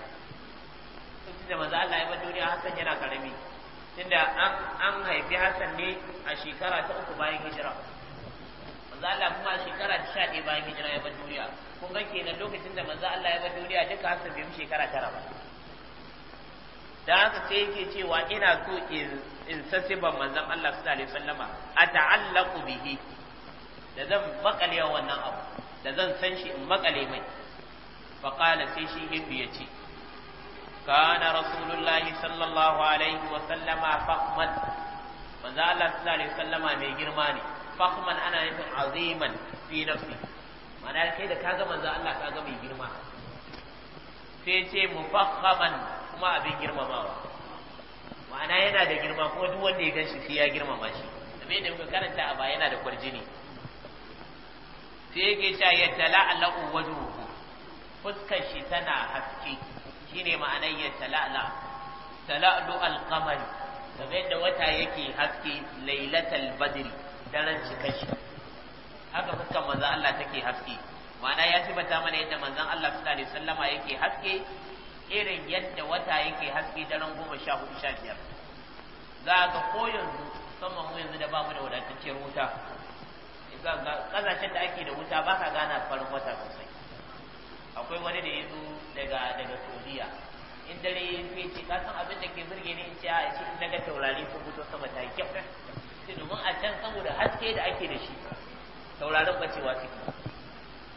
lokacin da manzon Allah ya bar duniya Hassan yana karami tunda an haifi Hassan ne a shekara ta uku bayan hijira manzo Allah kuma shekara 11 bayan hijira ya bar duniya kun ga kenan lokacin da manzo Allah ya bar duniya duka har bai shekara tara ba dan haka sai yake cewa ina so in in sasiban manzon Allah sallallahu alaihi wasallama ata'allaqu bihi da zan makale wannan abu da zan san shi in makale mai fa qala sai shi hibbi yace kana rasulullahi sallallahu alaihi wasallama fahman manzo Allah sallallahu alaihi wasallama mai girma ne fakhman ana nufin aziman fi nafsi mana kai da kaga manzo Allah kaga mai girma sai ce mufakhaman kuma abin girmamawa ma'ana yana da girma kuma duk wanda ya ganshi sai ya girmama shi kamar da muka karanta a baya yana da kwarjini sai yake sha ya tala'alahu wajhuhu fuskar shi tana haske shine ma'anar ya tala'ala tala'lu al-qamari kamar yadda wata yake haske lailatul badri daren kashi haka fuskar manzon Allah take haske ma'ana ya bata mana yadda manzon Allah sallallahu alaihi wasallama yake haske irin yadda wata yake haske daren goma sha hudu sha biyar za ka ko yanzu musamman mu yanzu da bamu da wadatacciyar wuta kasashen da ake da wuta ba ka gana farin wata sosai akwai wani da ya zo daga daga saudiya in dare ya ce kasan abin da ke birge ni in ce a ce in daga taurari sun fito sama ta yi kyau sai domin a can saboda haske da ake da shi taurarin bacewa suke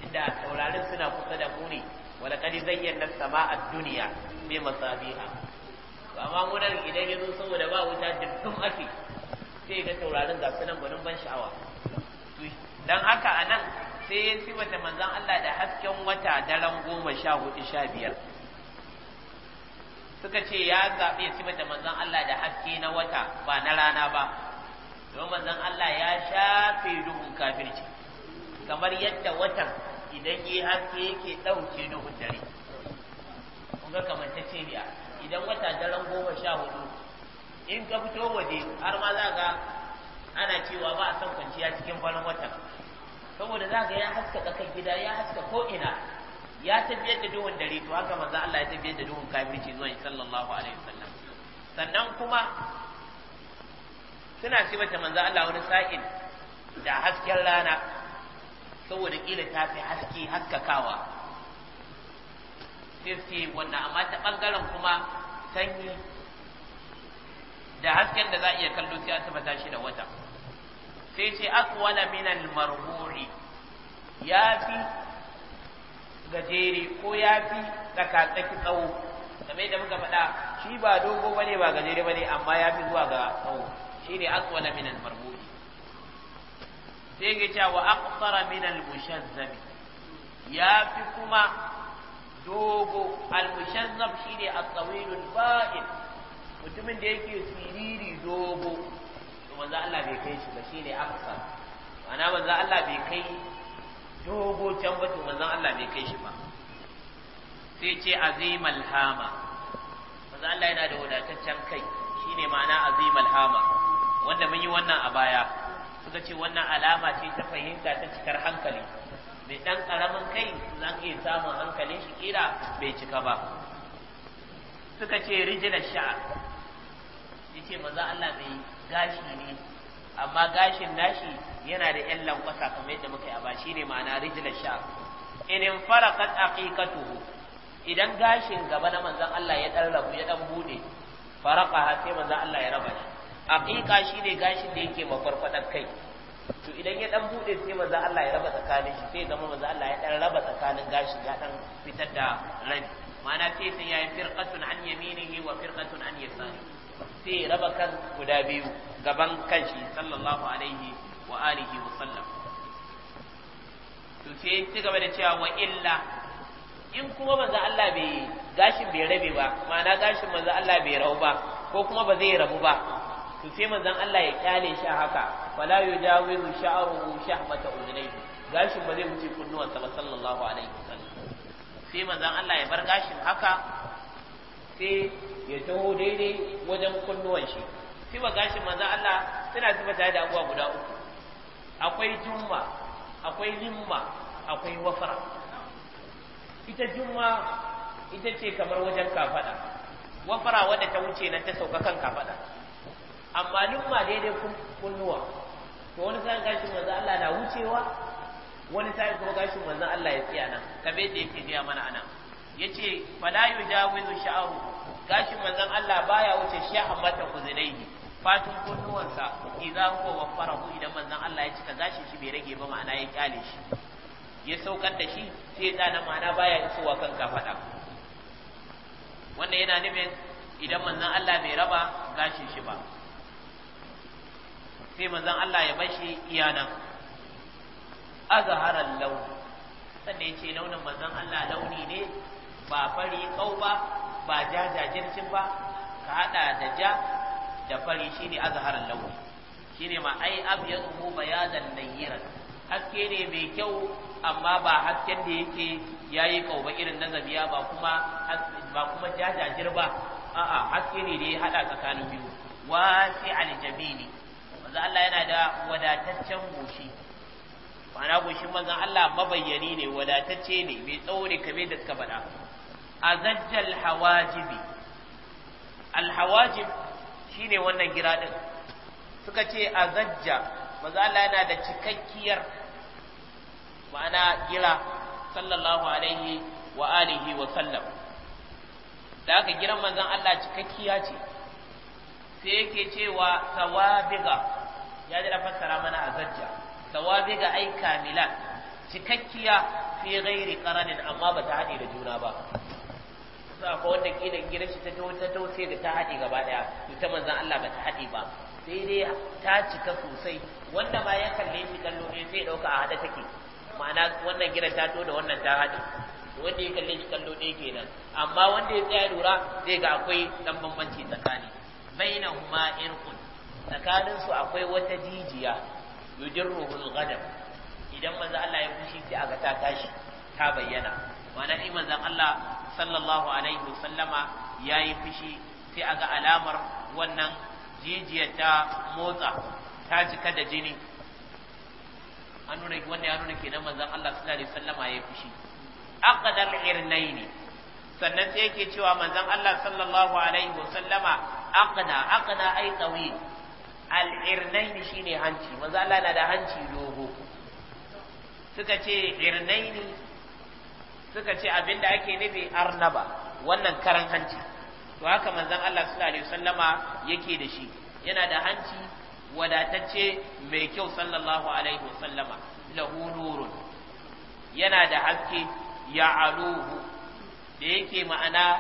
inda taurarin suna kusa da mu ne wala kadi zayyana a duniya bi masabiha to amma mu nan idan yazo saboda ba wuta dukkan ake sai ga taurarin ga sunan gwanin ban sha'awa dan haka anan sai ya wata manzon Allah da hasken wata daren goma sha hudu sha biyar suka ce ya zaɓe sifata manzan Allah da haske na wata ba na rana ba don manzan Allah ya shafe duhun kafirci kamar yadda watan idan yi haske yake ɗauke duhun dare ta ce kamanceceniya idan wata daren goma sha hudu in ka fito waje har ma za ga ana cewa ba a son kwanciya cikin farin watan saboda za ga ya haska kan gida ya haska ko ina ya tafiyar da duhun dare to haka manzo Allah ya tafiyar da duhun kafirci zuwa sallallahu alaihi wasallam sannan kuma suna sifanta manzo Allah wani sa'in da hasken rana saboda kila ta fi haske haskakawa sai wannan amma ta bangaren kuma sanyi da hasken da za a iya kallo sai an tabbata shi da wata sai ce akwala minal marhuri ya fi gajere ko ya fi tsakatsaki tsawo kamar da muka faɗa shi ba dogo bane ba gajere bane amma ya fi zuwa ga tsawo shine aswala min al sai ga cewa wa aqsara min al-mushazzab ya fi kuma dogo al-mushazzab shine at-tawil al-ba'id mutumin da yake siriri dogo to manzo Allah bai kai shi ba shine aqsar ana manzo Allah bai kai dogo can ba to manzo Allah bai kai shi ba sai ce azimal hama manzo Allah yana da wadataccen kai shine ma'ana azim alhama wanda mun yi wannan a baya suka ce wannan alama ce ta fahimta ta cikar hankali mai dan karamin kai zan iya samun hankalin shi kira bai cika ba suka ce rijilar sha'a yace maza Allah mai gashi ne amma gashin nashi yana da yan lankwasa kamar yadda muka yi a ba ne ma'ana rijilar sha'a in faraqat aqiqatuhu idan gashin gaba na manzon Allah ya dan rabu ya ɗan bude ha sai manzo Allah ya raba shi shi ne gashin da yake mafarfadar kai to idan ya dan bude sai manzo Allah ya raba tsakanin shi sai zama manzo Allah ya dan raba tsakanin gashi ya dan fitar da rai ma'ana sai sai yayi firqatun an yaminihi wa firqatun an yasari sai raba kan guda biyu gaban kanshi sallallahu alaihi wa alihi wa sallam to sai ci gaba da cewa wa illa in kuma manzo Allah bai gashin bai rabe ba ma'ana gashin manzo Allah bai rabu ba ko kuma ba zai rabu ba to sai manzo Allah ya kyale shi haka fala yujawiru sha'ruhu shahmata udnayhi gashin ba zai wuce kunnuwan sa sallallahu alaihi wasallam sai manzo Allah ya bar gashin haka sai ya taho daidai wajen kunnuwan shi sai ba gashin manzo Allah suna sifata da abuwa guda uku akwai jumma akwai limma akwai wafara ita Juma ita ce kamar wajen kafada wafara wadda ta wuce nan ta sauka kan kafada amma ma daidai kunnuwa to wani sa'in gashin manzo Allah na wucewa wani sa'in kuma gashin manzo Allah ya tsaya nan kamar da yake gaya mana anan yace fala yujawizu sha'ru gashin manzo Allah baya wuce shi sha'amata kuzunaihi fatun kunnuwansa idan ko wafara idan manzo Allah ya cika gashin shi bai rage ba ma'ana ya kyale shi ya saukar da shi sai ya dana ma'ana baya isowa kan kafada wannan yana nufin idan manzon Allah bai raba gashin shi ba sai manzon Allah ya bashi iya nan azharal launi, sannan ya ce launin manzon Allah launi ne ba fari kau ba ba jajajircin ba ka haɗa da ja da fari shine azharal launi ne ma ai abyaduhu bayadan layyiran haske ne mai kyau amma ba hasken da yake yayi kauba irin na zabiya ba kuma ba kuma jajajir ba a'a haske ne da ya hada tsakanin biyu wasi aljabini manzo Allah yana da wadataccen goshi ma'ana goshin manzo Allah mabayyani ne wadatacce ne mai tsawo ne kamar da suka faɗa azajjal hawajibi alhawajib shine wannan gira din suka ce azajja manzo Allah yana da cikakkiyar ma'ana gira sallallahu alaihi wa alihi wa sallam da aka giran manzon Allah cikakkiya ce sai yake cewa tawabiga ya jira fassara mana a sawabiga tawabiga ai kamila cikakkiya fi ghairi qaranin amma ba ta hade da juna ba sai akwai wanda kidan gidan shi ta ta ta da ta hade gaba daya to ta manzon Allah ba ta hade ba sai dai ta cika sosai wanda ma ya kalle shi kallo sai dauka a hada take ma'ana wannan gidan ta to da wannan ta haɗe wanda ya kalle shi kallo ɗaya kenan amma wanda ya tsaya lura zai ga akwai dan bambanci tsakani bainahuma irqun tsakanin su akwai wata jijiya yujirruhul ghadab idan manzo Allah ya fushi sai aga ta tashi ta bayyana ma'ana in manzo Allah sallallahu alaihi wasallama yayi fushi sai aga alamar wannan jijiyar ta motsa ta cika da jini annuna wanda ya nuna kenan manzon Allah sallallahu alaihi wasallama ya fushi aqdal irnaini sannan sai yake cewa manzon Allah sallallahu alaihi wasallama aqda aqda ay tawi al irnaini shine hanci manzon Allah na da hanci dogo suka ce irnaini suka ce abinda ake nufi arnaba wannan karan hanci to haka manzon Allah sallallahu alaihi wasallama yake da shi yana da hanci wadatacce mai kyau sallallahu alaihi wasallama lahu nurun yana da haske ya aluhu da yake ma'ana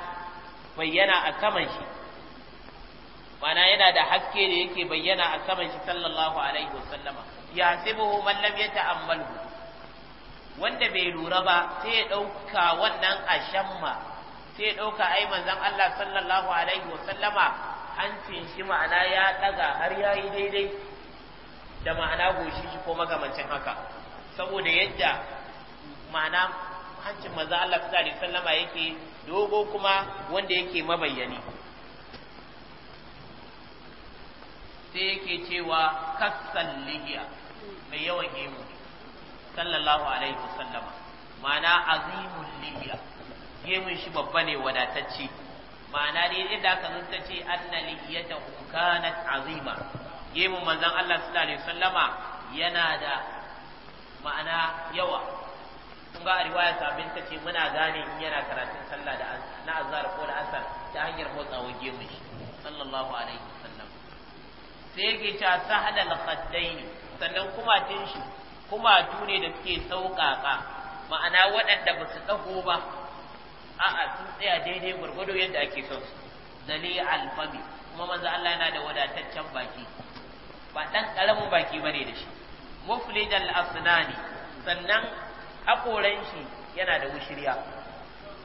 bayyana a saman shi ma'ana yana da haske da yake bayyana a saman shi sallallahu alaihi wasallama ya sibu man lam yata'ammalhu wanda bai lura ba sai ya dauka wannan ashamma sai ya dauka ai manzon Allah sallallahu alaihi wasallama hancin shi ma'ana ya ɗaga har ya yi daidai da ma'ana goshi shi ko magamancin haka saboda yadda ma'ana hancin maza Allah sallallahu sallama wasallama yake dogo kuma wanda yake mabayyani sai yake cewa kassan lihiya mai yawan gemu sallallahu alaihi wasallama ma'ana azimun lihiya gemun shi babba ne wadatacce ma'ana ne yadda aka nunta ce anna lihiyata kanat azima yemu manzon Allah sallallahu alaihi wasallama yana da ma'ana yawa kun ga riwaya sabin ta ce muna gane in yana karatun sallah da na azhar ko da asar ta hanyar motsawa gemu shi sallallahu alaihi wasallam sai yake ta sahada al-khaddaini sannan kuma tin shi kuma tune da suke sauƙaƙa ma'ana waɗanda ba su tsago ba a'a sun tsaya daidai gwargwado yadda ake son zali alfabi kuma manzo Allah yana da wadataccen baki ba dan karamin baki bane da shi muflijal asnani sannan hakoran shi yana da wushiriya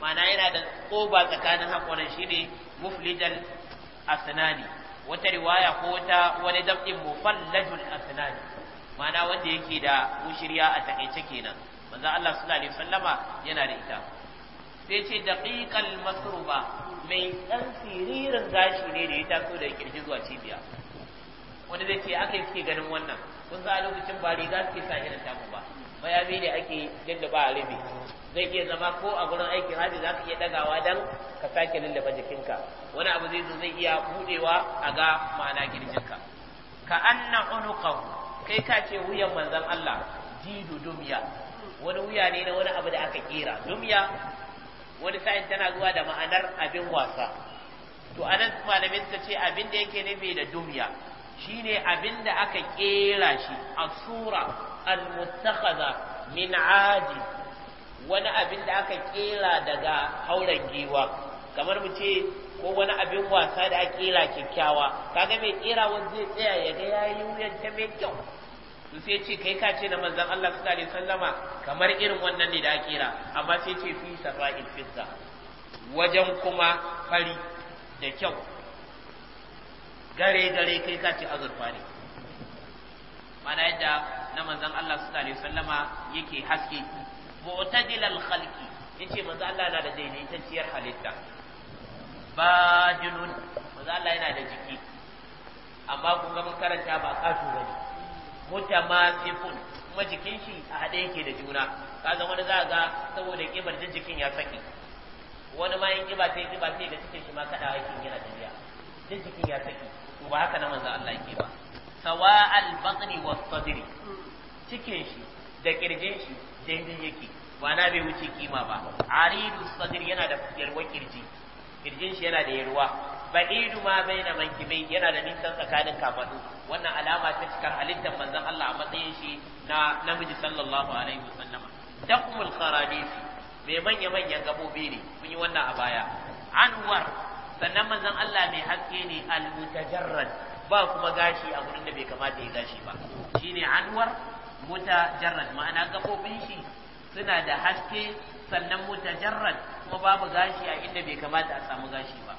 ma'ana yana da koba tsakanin hakoran shi ne muflijal asnani wata riwaya ko wata wani dab'in mufallajul asnani ma'ana wanda yake da wushiriya a takaice kenan manzo Allah sallallahu alaihi wasallama yana da ita sai ce masu masruba mai ɗan siririn gashi ne da ya taso daga kirji zuwa cibiya wanda zai ce aka yi ganin wannan kun sa lokacin ba riga suke sa irin tamu ba mayami ne ake yadda ba a rabi. zai iya zama ko a gurin aikin haji za ka iya ɗagawa dan ka sake lullaba jikinka wani abu zai zo zai iya buɗewa a ga ma'ana girjinka ka anna unuqahu kai ka ce wuyan manzon Allah jidu dumya wani wuya ne na wani abu da aka kera dumya wani sa'in tana zuwa da ma'anar abin wasa to anan malamin ta ce abin da yake nufi da dumya shine abin da aka kera shi a sura al min aji wani abin da aka kera daga hauren giwa kamar mu ce ko wani abin wasa da aka kera kyakkyawa kaga mai kera wanda zai tsaya ya ga yayi wuyan ta mai kyau su sai ce kai ka ce na manzan Allah su tare sallama kamar irin wannan ne da ake amma sai ce fi safa'il fizza wajen kuma fari da kyau gare gare kai ka ce azurfa ne mana yadda na manzan Allah su tare sallama yake haske halki, ya ce manzan Allah na da daidaitacciyar halitta Ba jinun manzan Allah yana da jiki amma kun ga karanta ba kasu bane mutamasifun kuma jikin shi a haɗe yake da juna zama wani za ga saboda kibar da jikin ya saki wani ma yin kiba sai kiba sai ga cikin shi ma kada yake yana tafiya duk jikin ya saki to ba haka na manzo Allah yake ba Sawa al batni was sadri cikin shi da kirjin shi daidai yake ba na bai wuce kima ba aridu sadri yana da yarwa kirji kirjin shi yana da yarwa ba'idu ma baina mankibai yana da nisan tsakanin kafadu wannan alama ta cikar halittar manzon Allah a matsayin shi na namiji sallallahu alaihi wasallama daqmul kharabisi mai manya manyan gabobi ne mun yi wannan a baya anwar sannan manzon Allah mai haske ne al-mutajarrad ba kuma gashi a gurin da bai kamata ya gashi ba shine anwar mutajarrad ma'ana gabobin shi suna da haske sannan mutajarrad kuma babu gashi a inda bai kamata a samu gashi ba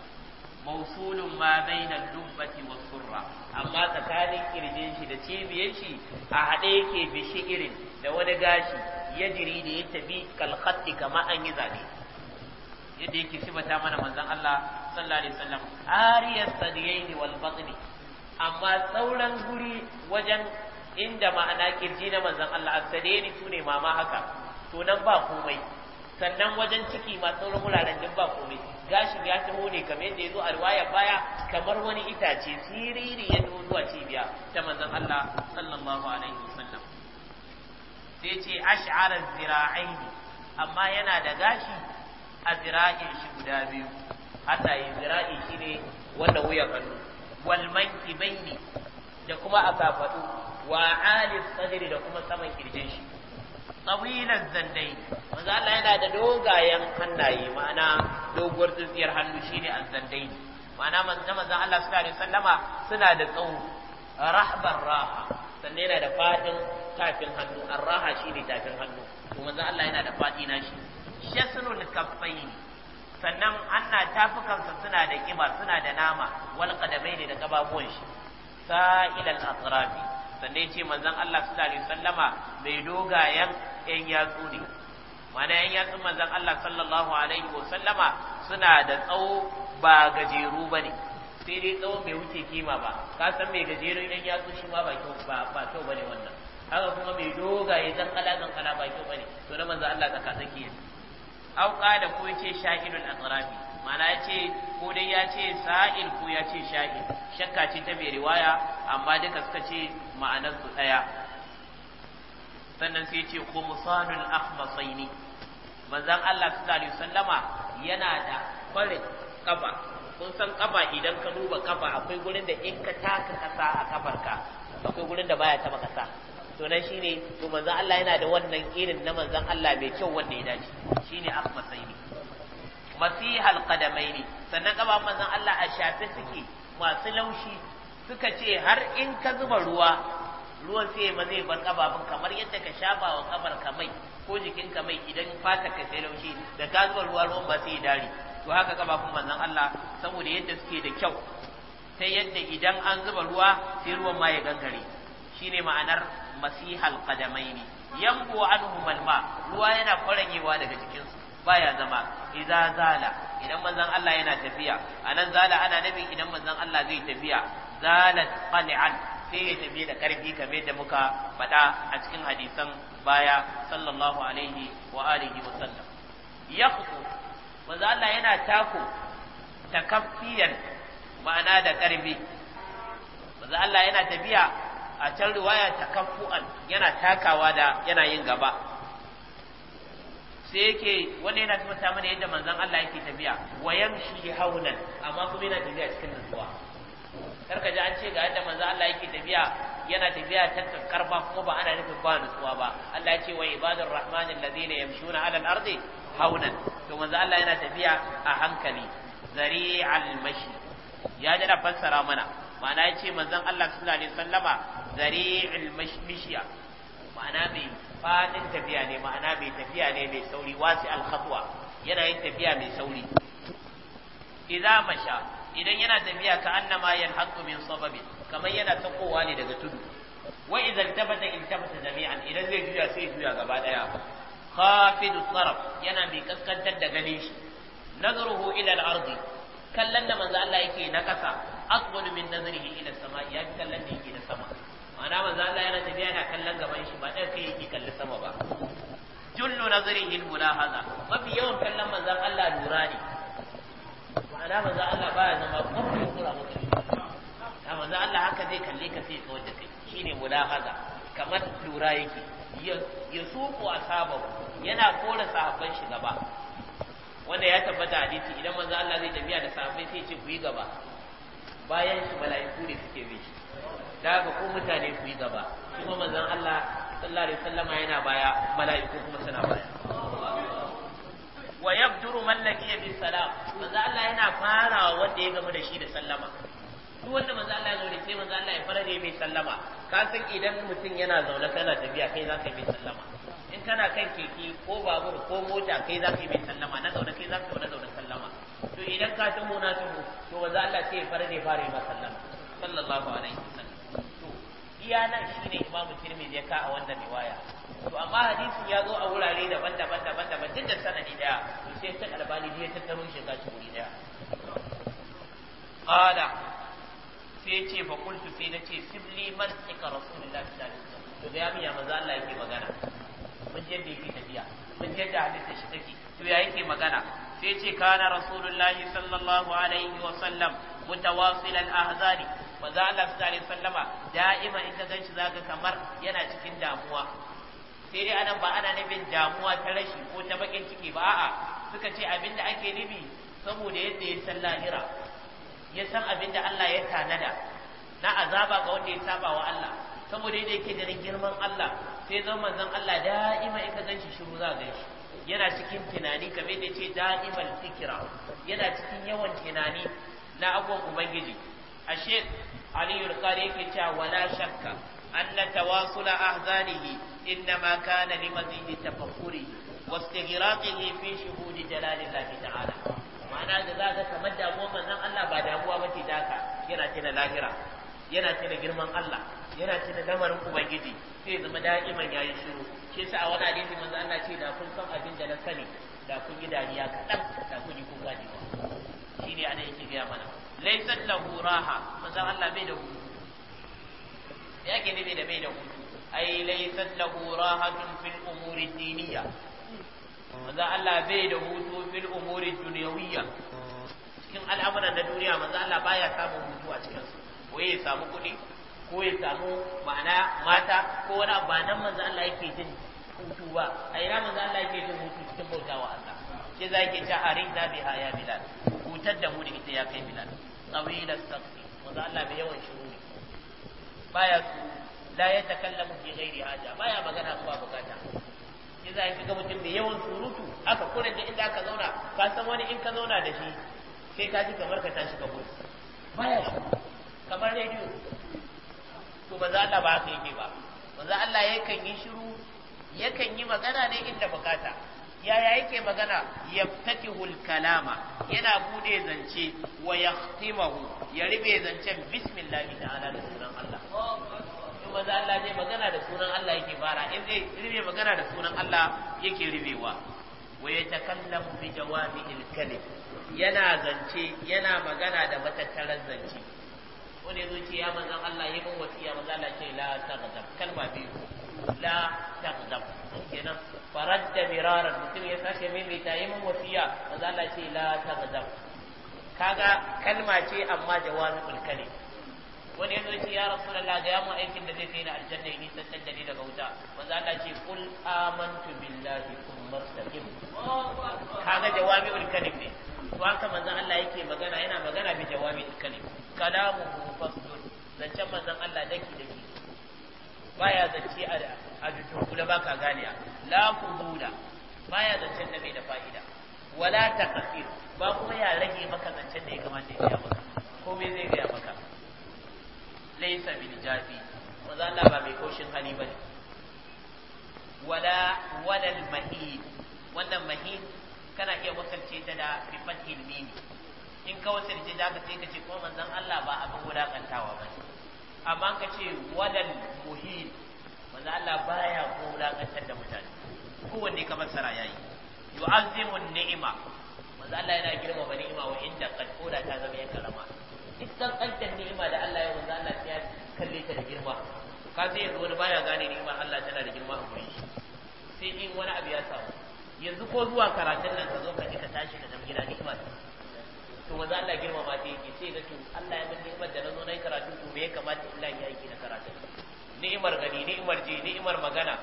mawsulun ma bainal dubbati was surra amma tsakanin kirjin shi da cibiyar shi a haɗe yake bishi irin da wani gashi ya jiri da ya tafi kalkhatti kama an yi zabe yadda yake sifata mana manzon Allah sallallahu alaihi wasallam ariyas sadiyaini wal batni amma sauran guri wajen inda ma'ana kirji na manzon Allah as-sadiyaini sune mama haka to nan ba komai sannan wajen ciki ma sauran wuraren din ba komai gashin ya taho ne kamar yadda ya zo a riwaya baya kamar wani itace siriri ya taho zuwa cibiya ta manzon Allah sallallahu alaihi wasallam sai ce ash'ara zira'ain amma yana da gashi a zira'in shi guda biyu hatta yi zira'i shine wanda wuya hannu wal mankibaini da kuma a kafadu wa alif sadri da kuma saman kirjin shi tsawilan zandai manzo Allah yana da dogayen hannaye ma'ana doguwar tsintsiyar hannu shine azzandai ma'ana manzo manzo Allah sallallahu alaihi wasallama suna da tsawo rahbar raha sannan yana da fadin tafin hannu arraha shine tafin hannu to manzo Allah yana da fadi na shi shasnul kaffaini sannan anna tafukansa suna da kiba suna da nama wal qadamaini da gababuwan shi sa'ilal atrafi sannan ya ce manzon Allah sallallahu alaihi wasallama bai dogayen Ƴan yatsu ne mana 'yan yatsun manzon Allah sallallahu alaihi wa sallama suna da tsawo ba gajeru ba ne sai dai tsawon bai wuce kima ba ka san mai gajeru 'yan yatsu shi ma ba kyau ba ne wannan haka kuma mai dogaye zan kala zan kala ba kyau ba ne to na manzon Allah tsaka tsaki ne auka da ko yace shahidul atrafi mana yace ko dai yace sa'il ko yace shahid shakka ce ta mai riwaya amma duka suka ce ma'anar su daya sannan sai ce khumsanul akhmasaini manzan Allah sallallahu alaihi yana da kwarin kafa kun san kafa idan ka duba kafa akwai gurin da in ka taka kasa a kafarka akwai gurin da baya taba kasa to nan shine to manzan Allah yana da wannan irin na manzan Allah mai kyau wanda ya dace shine akhmasaini masihal qadamaini sannan kafa manzan Allah a shafe suke masu laushi suka ce har in ka zuba ruwa ruwan sai ba zai bar kababin kamar yadda ka shafa wa kamar ka mai ko jikin ka mai idan fata ka sai laushi da ka zuba ruwa ruwan ba sai dare to haka kababin manzon Allah saboda yadda suke da kyau ta yadda idan an zuba ruwa sai ruwan ma ya gangare shine ma'anar masihal qadamaini yanbu anhum alma ruwa yana kwarewa daga jikinsu baya zama idza zala idan manzon Allah yana tafiya anan zala ana nabi idan manzon Allah zai tafiya zalat qali'an sai ya tafi da karfi kamar da muka faɗa a cikin hadisan baya sallallahu alaihi wa alihi wa sallam yakhfu manzo Allah yana tako takaffiyan ma'ana da ƙarfi. manzo Allah yana tafiya a can riwaya ta takaffu'an yana takawa da yana yin gaba sai yake wanda yana tabbata mana yadda manzon Allah yake tafiya wa yamshi haunan amma kuma yana tafiya cikin nutsuwa karka ji an ce ga yadda manzo Allah yake tafiya yana tafiya ta ba kuma ba ana nufin ba nutsuwa ba Allah ya ce wa ibadur rahman alladhina yamshuna ala al-ardi haunan to manzo Allah yana tafiya a hankali zari'al mashi ya da fassara mana ma'ana ya ce manzon Allah sallallahu alaihi wasallama zari'al ma'ana mai fadin tafiya ne ma'ana mai tafiya ne mai sauri wasi al-khatwa yana yin tafiya mai sauri idza masha idan yana tafiya ka annama yanhaqu min sababi kamar yana takowa ne daga tudu wa idza in iltabata jami'an idan zai juya sai juya gaba daya khafidu sarf yana mai kaskantar da ganin shi nazaruhu ila al-ardi kallon da manzo Allah yake na kasa aqbalu min nazrihi ila samai ya kallon da yake na sama ma'ana manzo Allah yana tafiya yana kallon gaban shi ba dai kai yake kalli sama ba jullu nazrihi al-mulahaza mafi yawan kallon manzo Allah lura ne ma'ana manzo Allah baya zama kuma ya kura maka da manzo Allah haka zai kalle ka sai tsawon wajen kai shine mulahaza kamar lura yake ya suku asaba yana kora sahabban shi gaba wanda ya tabbata hadisi idan manzo Allah zai tafiya da sahabbai sai ce ku yi gaba bayan shi mala'iku ne suke bi shi da haka ko mutane ku yi gaba kuma manzon Allah sallallahu alaihi wasallama yana baya mala'iku kuma suna baya wa yabduru man bi bis salam manzo Allah yana farawa wanda ya gamu da shi da sallama duk wanda manzo Allah ya zo sai manzo Allah ya fara da mai sallama ka san idan mutum yana zaune kana tafiya kai za yi mai sallama in kana kan keke ko babur ko mota kai za yi mai sallama na zaune kai za ka yi na zaune sallama to idan ka tumo na tumo to manzo Allah sai ya fara da fara yi masa sallama sallallahu alaihi wasallam to iya nan shine imamu tirmidhi ya ka a wannan riwaya to amma hadisin ya zo a wurare daban-daban daban-daban duk da sanadi daya to sai ta albani ya tattaro shi ga ci wuri daya qala sai ce fa qultu sai na ce sibli man tsika rasulullahi sallallahu alaihi wasallam to ga ya miya manzo Allah yake magana mun je bai fi tafiya mun je da hadisi shi take to ya yake magana sai ce kana rasulullahi sallallahu alaihi wasallam mutawasilan ahzari manzo Allah sallallahu alaihi wasallama da'ima in ka ganshi zaka kamar yana cikin damuwa sai dai anan ba ana nufin damuwa ta rashi ko ta bakin ciki ba a'a suka ce abinda ake nufi saboda yadda ya san lahira ya san abin da Allah ya tanada na azaba ga wanda ya saba wa Allah saboda yadda yake da girman Allah sai zama manzon Allah da'ima in ka shi shiru za ga shi yana cikin tunani kamar da ce da'imal fikira yana cikin yawan tunani na abubuwan ubangiji ashe aliyul qari yake cewa wala shakka أن تواصل أحزانه إنما كان لمزيد تفخره واستغراقه في شهود جلال الله تعالى ma'ana da za ka kamar damuwar manzon Allah ba damuwa bace daka yana tana lahira yana tana girman Allah yana tana lamarin ubangiji sai zama da'iman yayi shiru shi yasa a wani hadisi manzon Allah ce da kun san abin da na sani da kun yi dariya kaɗan da kun yi kuka ne shine yake gaya mana Allah bai da sai ake nufi da bai da hutu ai laisat lahu rahatun fil umuri diniya manzo Allah bai da hutu fil umuri dunyawiyya cikin al'amuran na duniya manzo Allah baya samun hutu a cikin su ko ya samu kuɗi ko ya samu ma'ana mata ko wani abu ba nan manzo Allah yake jin hutu ba a ina manzo Allah yake jin hutu cikin bautawa Allah ke za ki ta harin da biha ya bilal hutar da mu da ita ya kai bilal tsawilar sakti manzo Allah bai yawan shiru baya su la ya takallamu fi ghairi haja baya magana zuwa bukata shi za ka ga mutum mai yawan surutu aka kore da inda aka zauna ka san wani in ka zauna da shi sai ka ji kamar ka tashi ka gudu baya shi kamar rediyo to ba za Allah ba haka yake ba manzo Allah yakan yi shiru yakan yi magana ne inda bukata yaya yake magana yaftatihul kalama yana bude zance wa yahtimahu ya rube zancen bismillah ta'ala da sunan Allah in maza Allah ne magana da sunan Allah yake fara in zai rube magana da sunan Allah yake rubewa wa takallamu bi jawami'il kalim yana zance yana magana da matattaran zance wani ya manzan Allah yi min wasiya maza Allah ce la ta kalma biyu لا تغضب kenan فرد مرارا مثل ya من maimaita وفيا min شيء لا تغضب ce كلمة شيء أما kalma الكلمة wani yanzu ce ya rasu da lagaya mu aikin da zai fina aljanna ya nisan can dalila ga wuta manzo Allah ce kul amantu billahi thumma istaqim kaga jawami'ul kalim ne to haka manzo Allah yake magana yana magana bi jawami'ul kalim kalamuhu fasdun zancen manzon Allah daki daki baya zance a jikin kula ba ka gane la fudula baya zance da mai da fa'ida wala takfir ba kuma ya rage maka zancen da ya kamata ya yi maka ko me zai gaya maka laysa bil jafi manzo Allah ba mai koshin hali bane wala wala al mahin wannan mahin kana iya wasance ta da bifat ilmi in ka wasance da ka sai ka ce ko manzon Allah ba abin wulakantawa bane amma ka ce walal muhin manzo Allah baya wulakantar da mutane kowanne kamar sara yayi yu'azzimu ni'ima manzo Allah yana girmama ni'ima wa inda qad koda ta zama yan karama duk kankantar ni'ima da Allah ya manzo Allah ya kalle ta da girma ka ce yanzu wani baya gane ni'ima Allah tana da girma a gurin sai in wani abu ya samu yanzu ko zuwa karatun nan ka zo ka ji ka tashi ka tafi gida ni'ima to maza Allah girmama ta yake sai da to Allah ya ga ni'imar da nazo nayi karatu to me ya kamata illa ya aiki na karatu ni'imar gani ni'imar ji ni'imar magana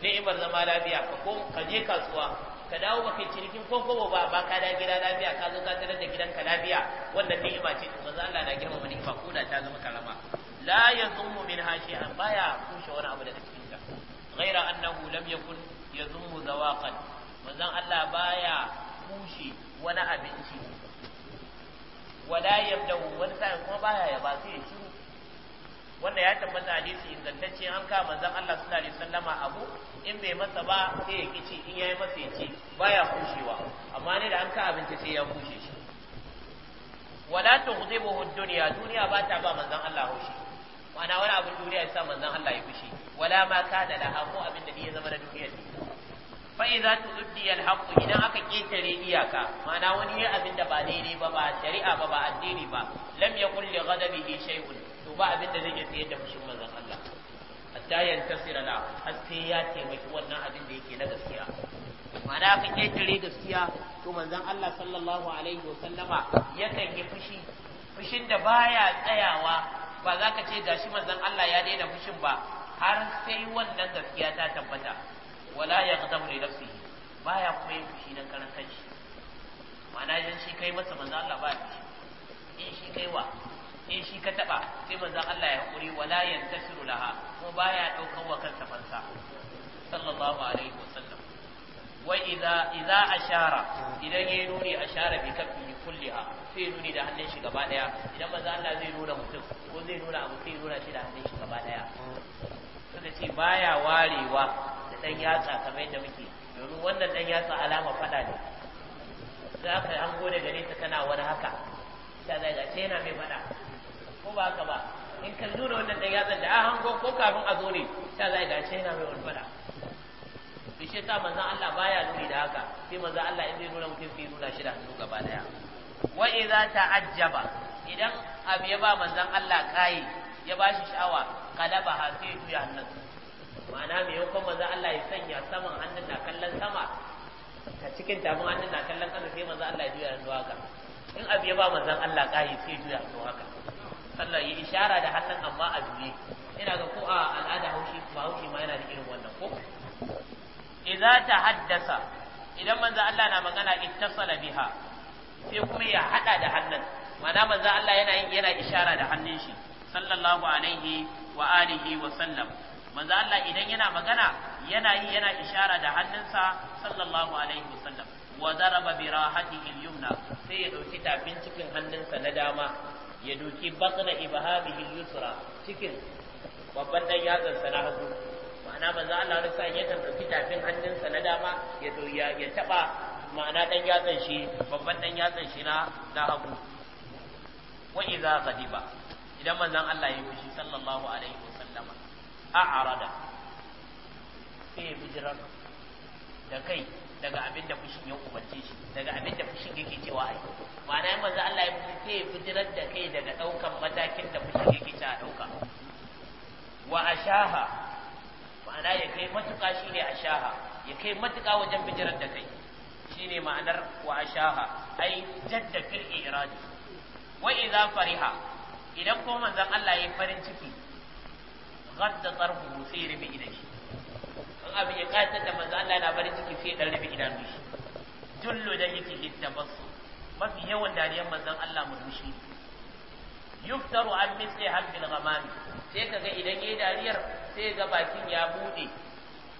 ni'imar zama lafiya ka ko ka je kasuwa ka dawo baka cikin ko ko ba ba ka da gida lafiya ka zo ka tare da gidanka lafiya wannan ni'ima ce to maza Allah na girmama ni'ima ko da ta zama karama la yazummu min hashi'an baya kushe wani abu daga cikin ka ghaira annahu lam yakun yazumu zawaqan manzon Allah baya kushe wani abinci wala yabda'u wani sa'in kuma baya yaba sai ya shiru wanda ya tabbata hadisi ingantacce an ka manzon Allah sallallahu alaihi wasallama abu in bai masa ba sai ya kici in yayi masa ya ce baya kushewa amma ne da an ka abinci sai ya kushe shi wala tughdibuhu dunya duniya ba ta ba manzon Allah haushi ma'ana wani abin duniya ya sa manzon Allah ya kushe wala ma kana da ko abin da ya zama na duniya fa'iza tu'uddi al-haqq idan aka ƙetare iyaka mana wani ya abin da ba daidai ba ba shari'a ba ba addini ba lam kulle li ghadabihi shay'un to ba abin da zai da fushin manzon Allah hatta yantasira la haske ya taimaki wannan abin da yake na gaskiya mana aka ƙetare gaskiya to manzon Allah sallallahu alaihi wa sallama yakan yi fushi fushin da baya tsayawa ba za ka ce gashi manzan Allah ya daina fushin ba har sai wannan gaskiya ta tabbata wala ya gazabu da nafsihi baya kuma yin fushi dan karan kanshi ma'ana idan shi kai masa manzo Allah ba shi in shi kai wa in shi ka taba sai manzo Allah ya hakuri wala yantasiru laha kuma baya daukar wa kansa fansa sallallahu alaihi wasallam wa idza idza ashara idan yayi nuni ashara bi kaffi kulliha sai nuni da hannun shi gaba daya idan manzo Allah zai nuna mutum ko zai nuna abu sai nuna shi da hannun shi gaba daya suka ce baya warewa dan yatsa kamar yadda muke domin wannan dan yatsa alama fada ne za ka an gode gare ta kana wani haka ta zai ga sai yana mai fada ko ba haka ba in ka nuna wannan dan yatsa da an hango ko kafin a zo ne ta zai ga sai yana mai wani fada to shi ta manzon Allah baya nuni da haka sai manzon Allah in zai nuna mutum sai nuna shi da hannu gaba daya wa idza ta'ajjaba idan abu ya ba manzon Allah kai ya ba shi sha'awa kalaba ha sai ya hannunsa ma'ana mai yankon maza Allah ya sanya saman hannun na kallon sama a cikin tafin hannun na kallon kasa sai maza Allah ya juya yanzu haka in abu ya ba maza Allah ƙahi sai juya yanzu haka sallar yi ishara da hannun amma a juye ina ga ko a al'ada haushi ba haushi ma yana da irin wannan ko idan ta haddasa idan manzan Allah na magana ittasala biha sai kuma ya hada da hannun ma'ana maza Allah yana yana ishara da hannun shi sallallahu alaihi wa alihi wa sallam manzo Allah idan yana magana yana yi yana ishara da hannunsa sallallahu alaihi wasallam wa daraba bi rahatihi al-yumna sai ya dauki tafin cikin hannunsa na dama ya doki batna ibhamihi al-yusra cikin babban dan yatsan sa na hagu ma'ana manzo Allah wani sa ya dauki tafin hannunsa na dama ya ya taba ma'ana dan yatsan shi babban dan yatsan shi na na hagu wa idza ghadiba idan manzon Allah ya fushi sallallahu alaihi wasallam a'rada sai ya bijirar da kai daga abin da fushin ya umarce shi daga abin da fushin yake cewa ai ma'ana yin manzo Allah ya fushi sai ya da kai daga daukan matakin da fushin yake cewa dauka wa ashaha ma'ana ya kai matuƙa shine ashaha ya kai matuƙa wajen bijirar da kai shine ma'anar wa ashaha ai jadda fil iradi wa idza fariha idan ko manzon Allah ya farin ciki gadda tsarfu sai rufe idan shi in abin ya kayatar da manzo Allah yana barin ciki sai dan rufe idanun shi jullu da yake hidda basu mafi yawan dariyar manzon Allah murmushi yuftaru an misli hamil ghamam sai kaga idan yayi dariyar sai ga bakin ya bude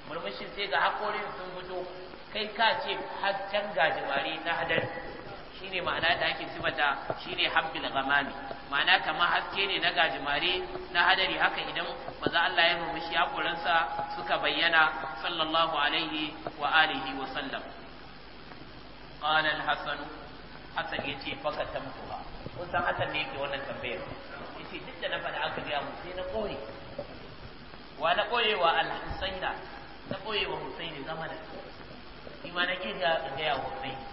murmushin sai ga hakorin sun fito kai ka ce har can gajimare na hadari shine ma'ana da ake sifata shine habbil ghamami ma'ana kamar haske ne na gajimare na hadari haka idan maza Allah ya murmushi hakoransa suka bayyana sallallahu alaihi wa alihi wa sallam qala al-hasan hasan yace faka tamtuha kun san hasan ne yake wannan tambayar yace duk da na faɗa aka ga mu sai na kore wa na kore wa al-husaina na kore wa husaini zamanin ima na kirga ga ya husaini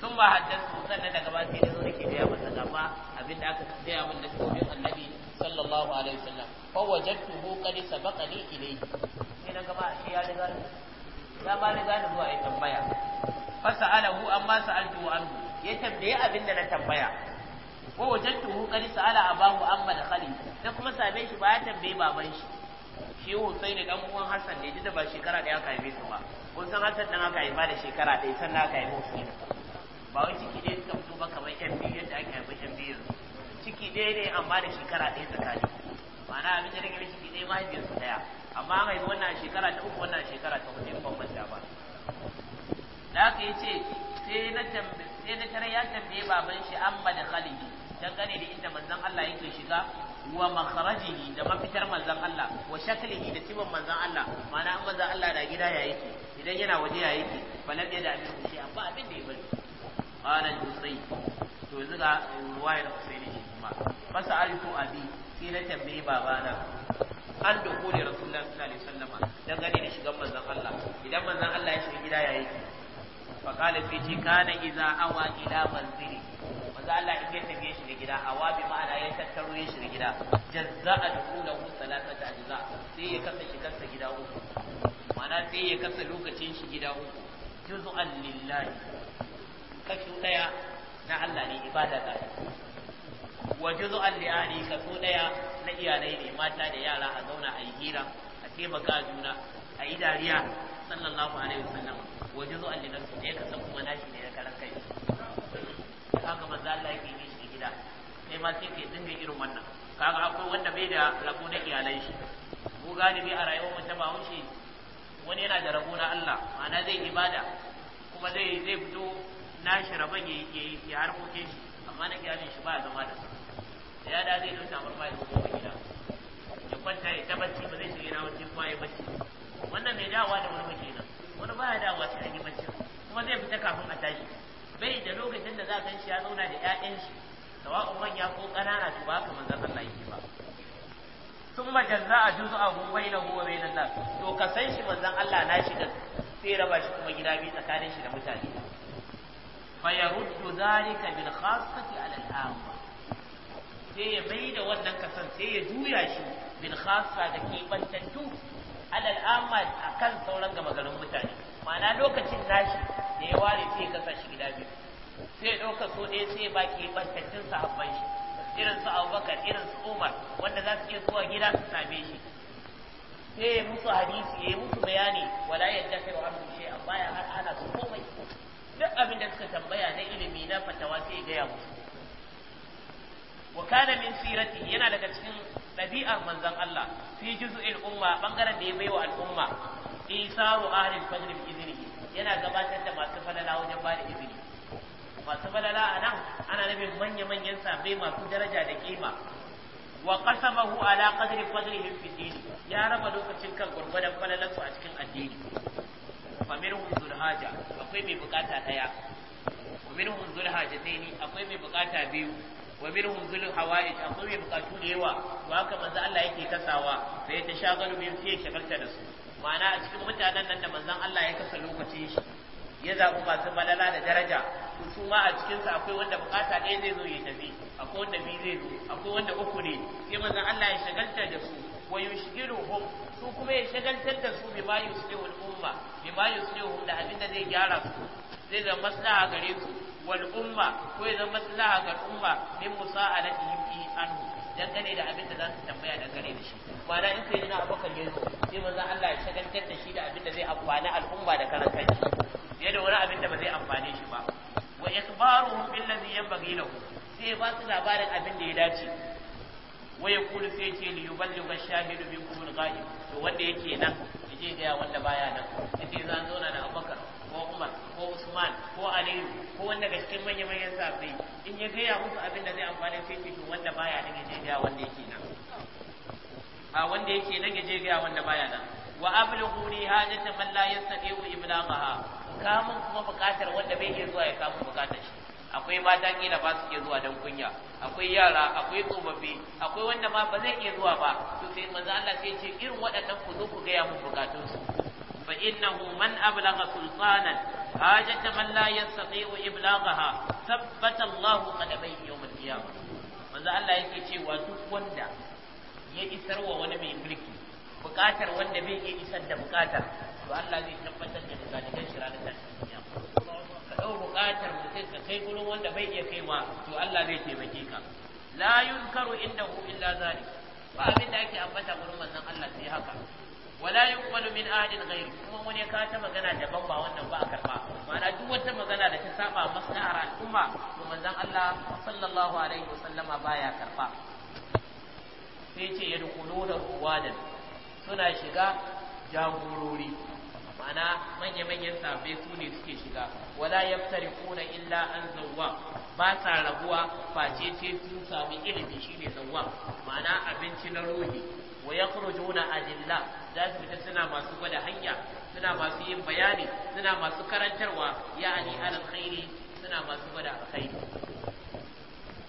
sun ba haddasu sannan daga ba sai da zo nake gaya masa gaba abinda aka gaya min na tsohon annabi sallallahu alaihi wasallam fa hu qad li ilayhi sai na gaba shi ya riga ya ba riga da zuwa ya tambaya fa sa'alahu amma sa'altu anhu ya tambaye abinda na tambaya wa hu qad sa'ala abahu amma da khali sai kuma same shi ba ya tambaye baban shi shi Hussein dan uwan Hassan ne da ba shekara da ya haife su ba kun san Hassan dan aka ba da shekara ɗaya sannan aka yi Hussein ba wai ciki ɗaya suka fito ba kamar yan biyu yadda ake haifar yan biyu ciki ɗaya ne amma da shekara ɗaya tsakani ma'ana abin da rage ciki ɗaya mahaifiyarsa ɗaya amma an haifi wannan shekara ta uku wannan shekara ta hudu in kuma ba da haka ya ce sai na tare ya tambaye baban shi ba da khalihi gane da inda manzon Allah yake shiga wa makharajihi da mafitar manzon Allah wa shaklihi da sifan manzon Allah ma'ana an manzon Allah da gida ya yake idan yana waje ya yake fa lam yada min shi ba abin da ya bari qala al to yanzu ga ruwayar husaini shi kuma masa alifu abi sai na tambaye babana an dukuri rasulullahi sallallahu alaihi wasallam gane da shigan manzon Allah idan manzon Allah ya shiga gida ya yi. fa qala fi ji kana idza awa ila manzili manzon Allah in ya tafiye shi gida awa bi ma'ana ya tattaro ya shiga gida jazza'a dukulahu salasata ajza sai ya kasa shigarsa gida uku ma'ana sai ya kasa lokacin shi gida uku juz'an lillahi kaso daya na Allah ne ibada ta wa juzu li ahli kaso daya na iyalai ne mata da yara a zauna a yi hira a taimaka juna a yi dariya sallallahu alaihi wasallam wa juz'an li su ne ka san kuma nashi ne na karan kai haka za Allah yake yi shi gida sai ma sai kai dinga irin wannan kaga akwai wanda bai da rabo na iyalai shi mu galibi a rayuwar mu ta ba wani yana da rabo na Allah ma'ana zai ibada kuma zai zai fito nashi rabon ya yi ya harkokin shi amma na gyanin shi ba zama da da ya da zai dauka amma ya koma gida ya kwanta ya tabbaci ba zai shiga na wajen kuma ya bacci wannan mai dawa da wani mace nan wani ya dawa sai an yi bacci kuma zai fita kafin a tashi bai da lokacin da za a shi ya zauna da 'ya'yan shi sawa'un manya ko ƙanana to ba haka manzon Allah yake ba sun majan za a juzu a bai na huwa na nan to ka san shi manzon Allah na shi da sai raba shi kuma gida biyu tsakanin shi da mutane fayaruddu zalika ka khassati ala al amma sai ya mai da wannan kasan sai ya juya shi bil da ke bantattu ala al amma akan sauran gama garin mutane mana lokacin nashi da ya ware sai ya kasa gida biyu sai ɗauka so ɗaya sai ba ke bantattun sahabban shi irin su abubakar irin su umar wanda za su iya zuwa gida su same shi sai ya musu hadisi ya yi musu bayani wala yadda kai wa abu amma ya har ana su komai duk abin da suka tambaya na ilimi na fatawa sai gaya musu wa kana min sirati yana daga cikin ɗabi'ar manzan Allah fi juz'il umma bangaren da ya baiwa al'umma isaru ahli al-fadl bi iznihi yana gabatar da masu falala wajen bada izini masu falala a nan ana nabin manya-manyan sabai masu daraja da kima wa qasamahu ala qadri fadlihi fi dini ya raba lokacin kan gurgurdan falalansu a cikin addini faminhum dhul haja akwai mai bukata daya akwai mai bukata biyu wa minhum hawaij akwai mai bukatu da yawa to haka manzo Allah yake kasawa sai ya tashagalu min sai ya shagalta da su ma'ana a cikin mutanen nan da manzon Allah ya kasa lokacin shi ya zaɓi masu balala da daraja su ma a cikinsa akwai wanda bukata ɗaya zai zo ya tafi akwai wanda biyu zai zo akwai wanda uku ne sai manzon Allah ya shagalta da su wa yushghiluhum su kuma ya shagaltar da su bima yuslihu al-umma bima yuslihu da abinda zai gyara su zai zama maslaha gare su wal umma zama maslaha ga umma da za su tambaya dangane da shi ba da in sai ina abokan yanzu sai manzon Allah ya shagaltar da shi da da zai amfani al'umma da karan kanshi fiye da wani abinda ba zai amfane shi ba wa ikhbaruhum billazi yanbaghi lahu sai ba su labarin abin da ya dace Waya yaqulu sai ce li yuballigha shahidu minkum al-ghaib to wanda yake nan yaje ga wanda baya nan yace zan zo na da Abubakar ko Umar ko Usman ko Ali ko wanda ga cikin manyan manyan sahabbai in ya ga ya musu abin da zai amfane sai ce to wanda baya nan yaje ga wanda yake nan a wanda yake nan yaje ga wanda baya nan wa ablighu li hajata man la yastati'u iblaghaha kamun kuma bukatar wanda bai ke zuwa ya kamun bukatar shi akwai mata kila ba su ke zuwa dan kunya akwai yara akwai tsofaffi akwai wanda ma ba zai iya zuwa ba to sai manzo Allah sai ce irin waɗannan ku zo ku ga ya mu bukatun su fa innahu man ablagha sultanan hajata man la yastati'u iblaghaha thabbata Allahu qadamai yawm al-qiyamah manzo Allah yake cewa duk wanda ya isarwa wani mai mulki bukatar wanda bai iya isar da bukata to Allah zai tabbatar da zalikan shi ranar tashin ɗau buƙatar mutum ka kai gurin wanda bai iya kaiwa to Allah zai taimake ka la karo inda illa zalik ba abin da ake ambata gurin wannan, Allah sai haka wala yuqbalu min ahadin ghairi kuma wani ka ta magana daban ba wannan ba a karba ma'ana duk wata magana da ta saba maslahar al'umma to manzon Allah sallallahu alaihi wasallama baya karba sai ce da ruwadan suna shiga jagorori ma'ana manya-manyan sahabbai su ne suke shiga wala yaftariquna illa an zawwa ba sa rabuwa face ce sun sami ilimi shine zawwa ma'ana abinci na ruhi wa yakhrujuna adilla za su fita suna masu gwada hanya suna masu yin bayani suna masu karantarwa ya'ani alkhairi suna masu gwada alkhairi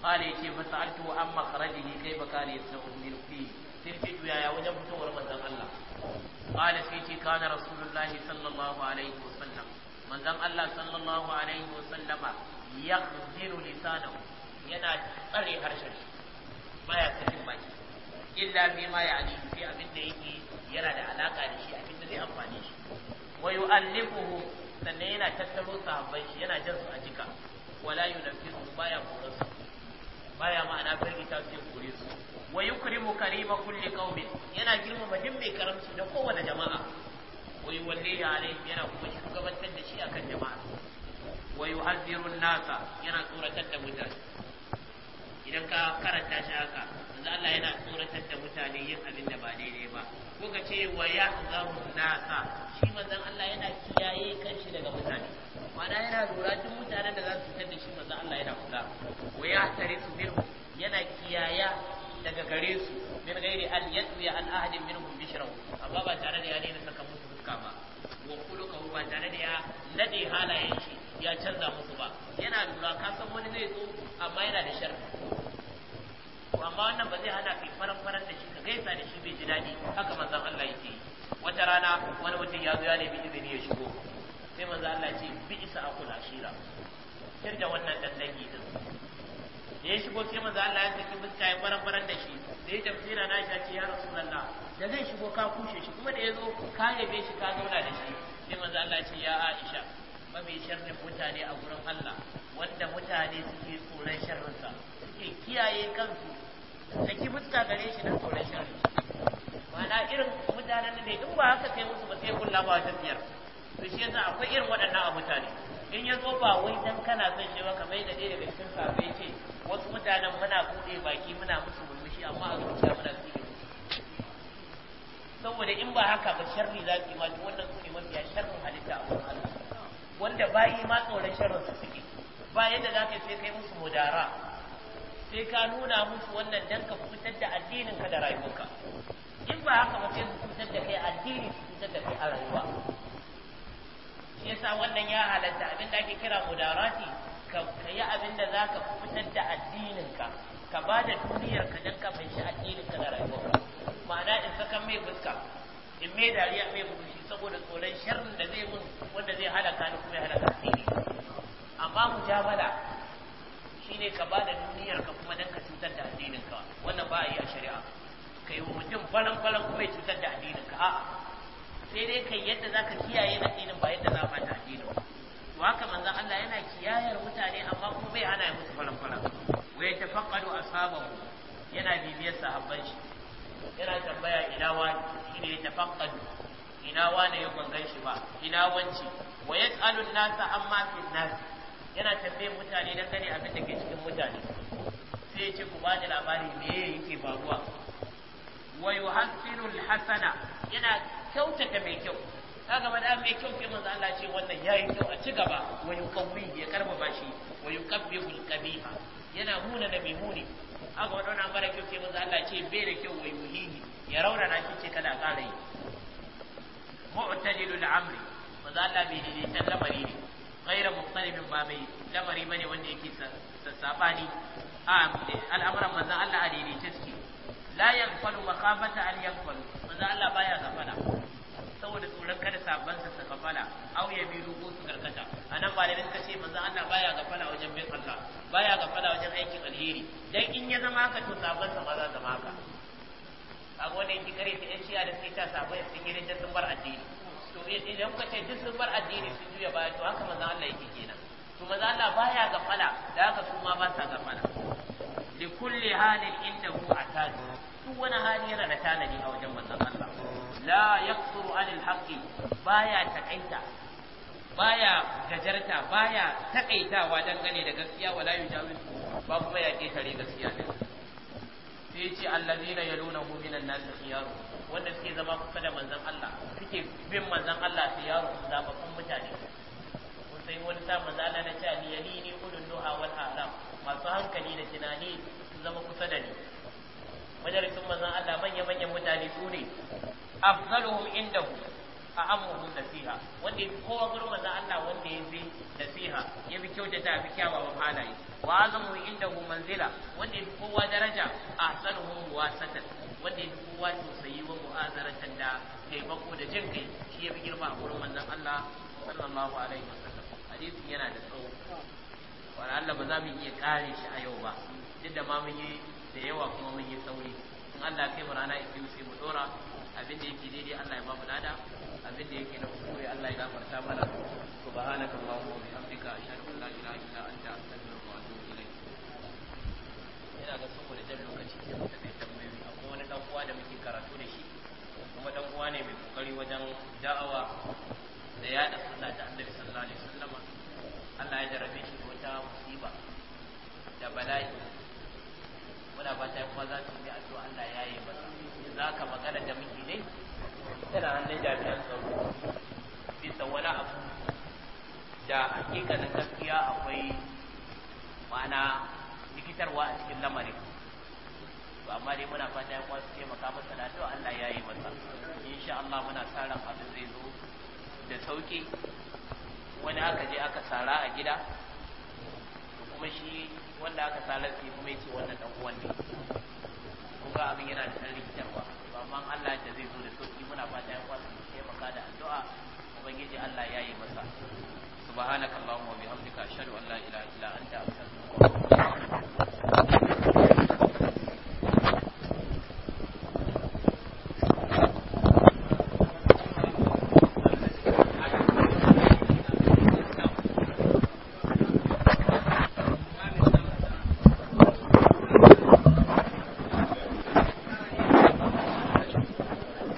ce masu fasa'altu amma kharajihi kai kana yasna'u fi sai ce ya wajen fitowar manzon Allah قال سيتي كان رسول الله صلى الله عليه وسلم من ذم الله صلى الله عليه وسلم يخزن لسانه yana tsare harshen shi baya sakin baki illa bi ma ya'ni sai abin da yana da alaka da shi abin da zai amfane shi wa yu'allifuhu sannan yana tattaro sahabbai shi yana jan su a jika wala yunaffisu baya koransu baya ma'ana firgita su kure su wa yukrimu karima kulli qaumin yana girmama duk mai karamci da kowane jama'a wa yuwallihi alayhi yana kuma shugabantar da shi akan jama'a wa yuhadhiru an-nasa yana tsoratar da mutane idan ka karanta shi haka yanzu Allah yana tsoratar da mutane yin abin da ba daidai ba ko ka ce wa ya an-nasa shi manzon Allah yana kiyaye kanshi daga mutane ma'ana yana lura duk mutanen da za su fitar da shi maza Allah yana kula wa ya tare su bin yana kiyaya daga gare su min gairi an yatwiya an ahadin minhum bishra amma ba tare da ya daina saka musu fuska ba wa kulukahu ba tare da ya nade halayen shi ya canza musu ba yana lura ka san wani zai zo amma yana da sharri amma wannan ba zai hana kai faran faran da shi ka gaisa da shi bai ji daɗi haka manzon Allah yake wata rana wani mutum ya zo ya nemi izini ya shigo sai manzo Allah ce bi isa akul ashira kir da wannan dandangi din da ya shigo sai manzo Allah ya saki fuska ya farafaran da shi sai tafsira na shi ce ya rasulullah da zai shigo ka kushe shi kuma da yazo ka yabe shi ka zauna da shi sai manzo Allah ya ce ya Aisha Ba mai sharri mutane a gurin Allah wanda mutane suke tsoron sa suke kiyaye kansu saki fuska gare shi na tsoron sharrinsa ma'ana irin mutanen da in ba haka kai musu ba sai kullaba tafiyar to shi yasa akwai irin waɗannan a mutane in ya zo ba wai dan kana son shi ba kamar yadda ɗaya daga cikin safe ce wasu mutanen muna buɗe baki muna musu murmushi amma a zuciya muna cikin saboda in ba haka ba sharri za su yi ma wannan su ne mafiya sharrin halitta a wannan wanda wanda yi ma tsoron sharrin su suke ba yadda za ka sai kai musu mudara sai ka nuna musu wannan dan ka fitar da addinin ka da rayuwarka in ba haka ba sai su fitar da kai addini su fitar da kai a rayuwa shi yasa wannan ya halatta abin da ake kira mudarati ka yi abin da zaka fitar da addininka ka ba da duniyar ka dan ka fanshi addininka da ka ma'ana in saka mai fuska in mai dariya mai fushi saboda tsoron sharrin da zai mun wanda zai halaka ni kuma ya halaka asiri amma mujamala shine ka ba da duniyar ka kuma dan ka cutar da addininka wannan ba a yi a shari'a kai mutum falan falan kuma ya cutar da addininka a'a sai dai kai yadda za ka kiyaye na dinin ba yadda za ka ta dinin to haka manzon Allah yana kiyayar mutane amma kuma bai hana ya musu falan falan wa yatafaqqadu ashabahu yana bibiyar sahabban shi yana tambaya ina wani shine yatafaqqadu ina wani ya bangan shi ba ina wanci wa yas'alu an-nasa amma fil nas yana tambayar mutane dan gane abin da ke cikin mutane sai ya ce ku bani labari me yake faruwa wa yuhassilu alhasana yana kyautata mai kyau kaga madan mai kyau ke manzo Allah ce wannan yayi kyau a ci gaba wa yuqawwi ya karba bashi wa yuqabbihul qabiha yana huna da mai muni aka wadon an bara kyau ke manzo Allah ce bai da kyau wai muhihi ya raunana shi ce kada ƙara yi mu'tadilul amri manzo Allah bai tan lamari ne ghaira muqtalibin ba mai lamari bane wanda yake a al'amuran manzo Allah a daidaice suke la yanfalu makafata an yanfalu manzo Allah baya gafala saboda tsoron kada sabban sa su gafala aw ya bi ruku su karkata anan ba da kace ce manzo Allah baya gafala wajen bin Allah baya gafala wajen aikin alheri dan in ya zama ka to sabban sa ba za zama ka kaga wanda ki kare ta yan da sai ta sabo ya yi rinta sun bar addini to idan kuka ce duk sun bar addini sun juya baya to haka manzo Allah yake kenan to manzo Allah baya gafala da haka su ma ba sa gafala likulli halin indahu atadu duk wani hali yana da tanadi a wajen manzon Allah la yaqsuru anil haqqi baya takaita baya gajarta baya takaitawa dangane da gaskiya wala yujawiz ba kuma ya ketare gaskiya din sai ce allazina yalunahu minan nas khiyaru wanda suke zama kusa da manzon Allah suke bin manzon Allah khiyaru zababbun mutane sai wani sa manzon Allah na ce ni yalini ulul duha wal alam masu hankali da tunani su zama kusa da ni majalisun manzon Allah manya manyan mutane su ne afdaluhum indahu a amuhum nasiha wanda kowa gurin manzon Allah wanda ya yafi nasiha yafi kyautata fi kyawawan halaye wa azamu indahu manzila wanda yafi kowa daraja a ahsanuhum wasatan wanda ya fi kowa tausayi wa mu'azaratan da taimako da jin kai shi yafi girma a gurin manzon Allah sallallahu alaihi wasallam hadisin yana da tsawo wala Allah ba za mu iya kare shi a yau ba duk da ma mun yi da yawa kuma mun yi sauri in Allah kai mu rana biyu sai mu dora abin da yake daidai Allah ya ba mu lada abin da yake na kuskure Allah ya gafarta mana subhanaka allahumma wa bihamdika ashhadu an la ilaha illa anta astaghfiruka wa atubu ilayk ina ga da jan lokaci sai mu tafi tambayoyi akwai wani dan uwa da muke karatu da shi kuma dan uwa ne mai kokari wajen da'awa da yada sunna da Annabi sallallahu alaihi wasallam Allah ya jarabe shi da wata musiba da bala'i muna fata ya kuma za su yi addu'a Allah ya yi masa za ka magana da muke ne tana hannun jami'an tsaro bisa wani abu da hakikanin gaskiya akwai ma'ana likitarwa a cikin lamarin to amma dai muna fata ya kuma su taimaka masa da Allah ya yi masa insha Allah muna sa ran abin zai zo da sauki wani aka je aka sara a gida kuma shi wanda aka ke kuma ya ce wannan dan uwan ne kuma abin yana da ɗan rikitarwa amma Allah da zai zo da sauki muna fata yan kwasu taimaka da addu'a ubangiji Allah ya yi masa subhanakallahumma wa bihamdika ashhadu an la ilaha illa anta astaghfiruka wa atubu ilaik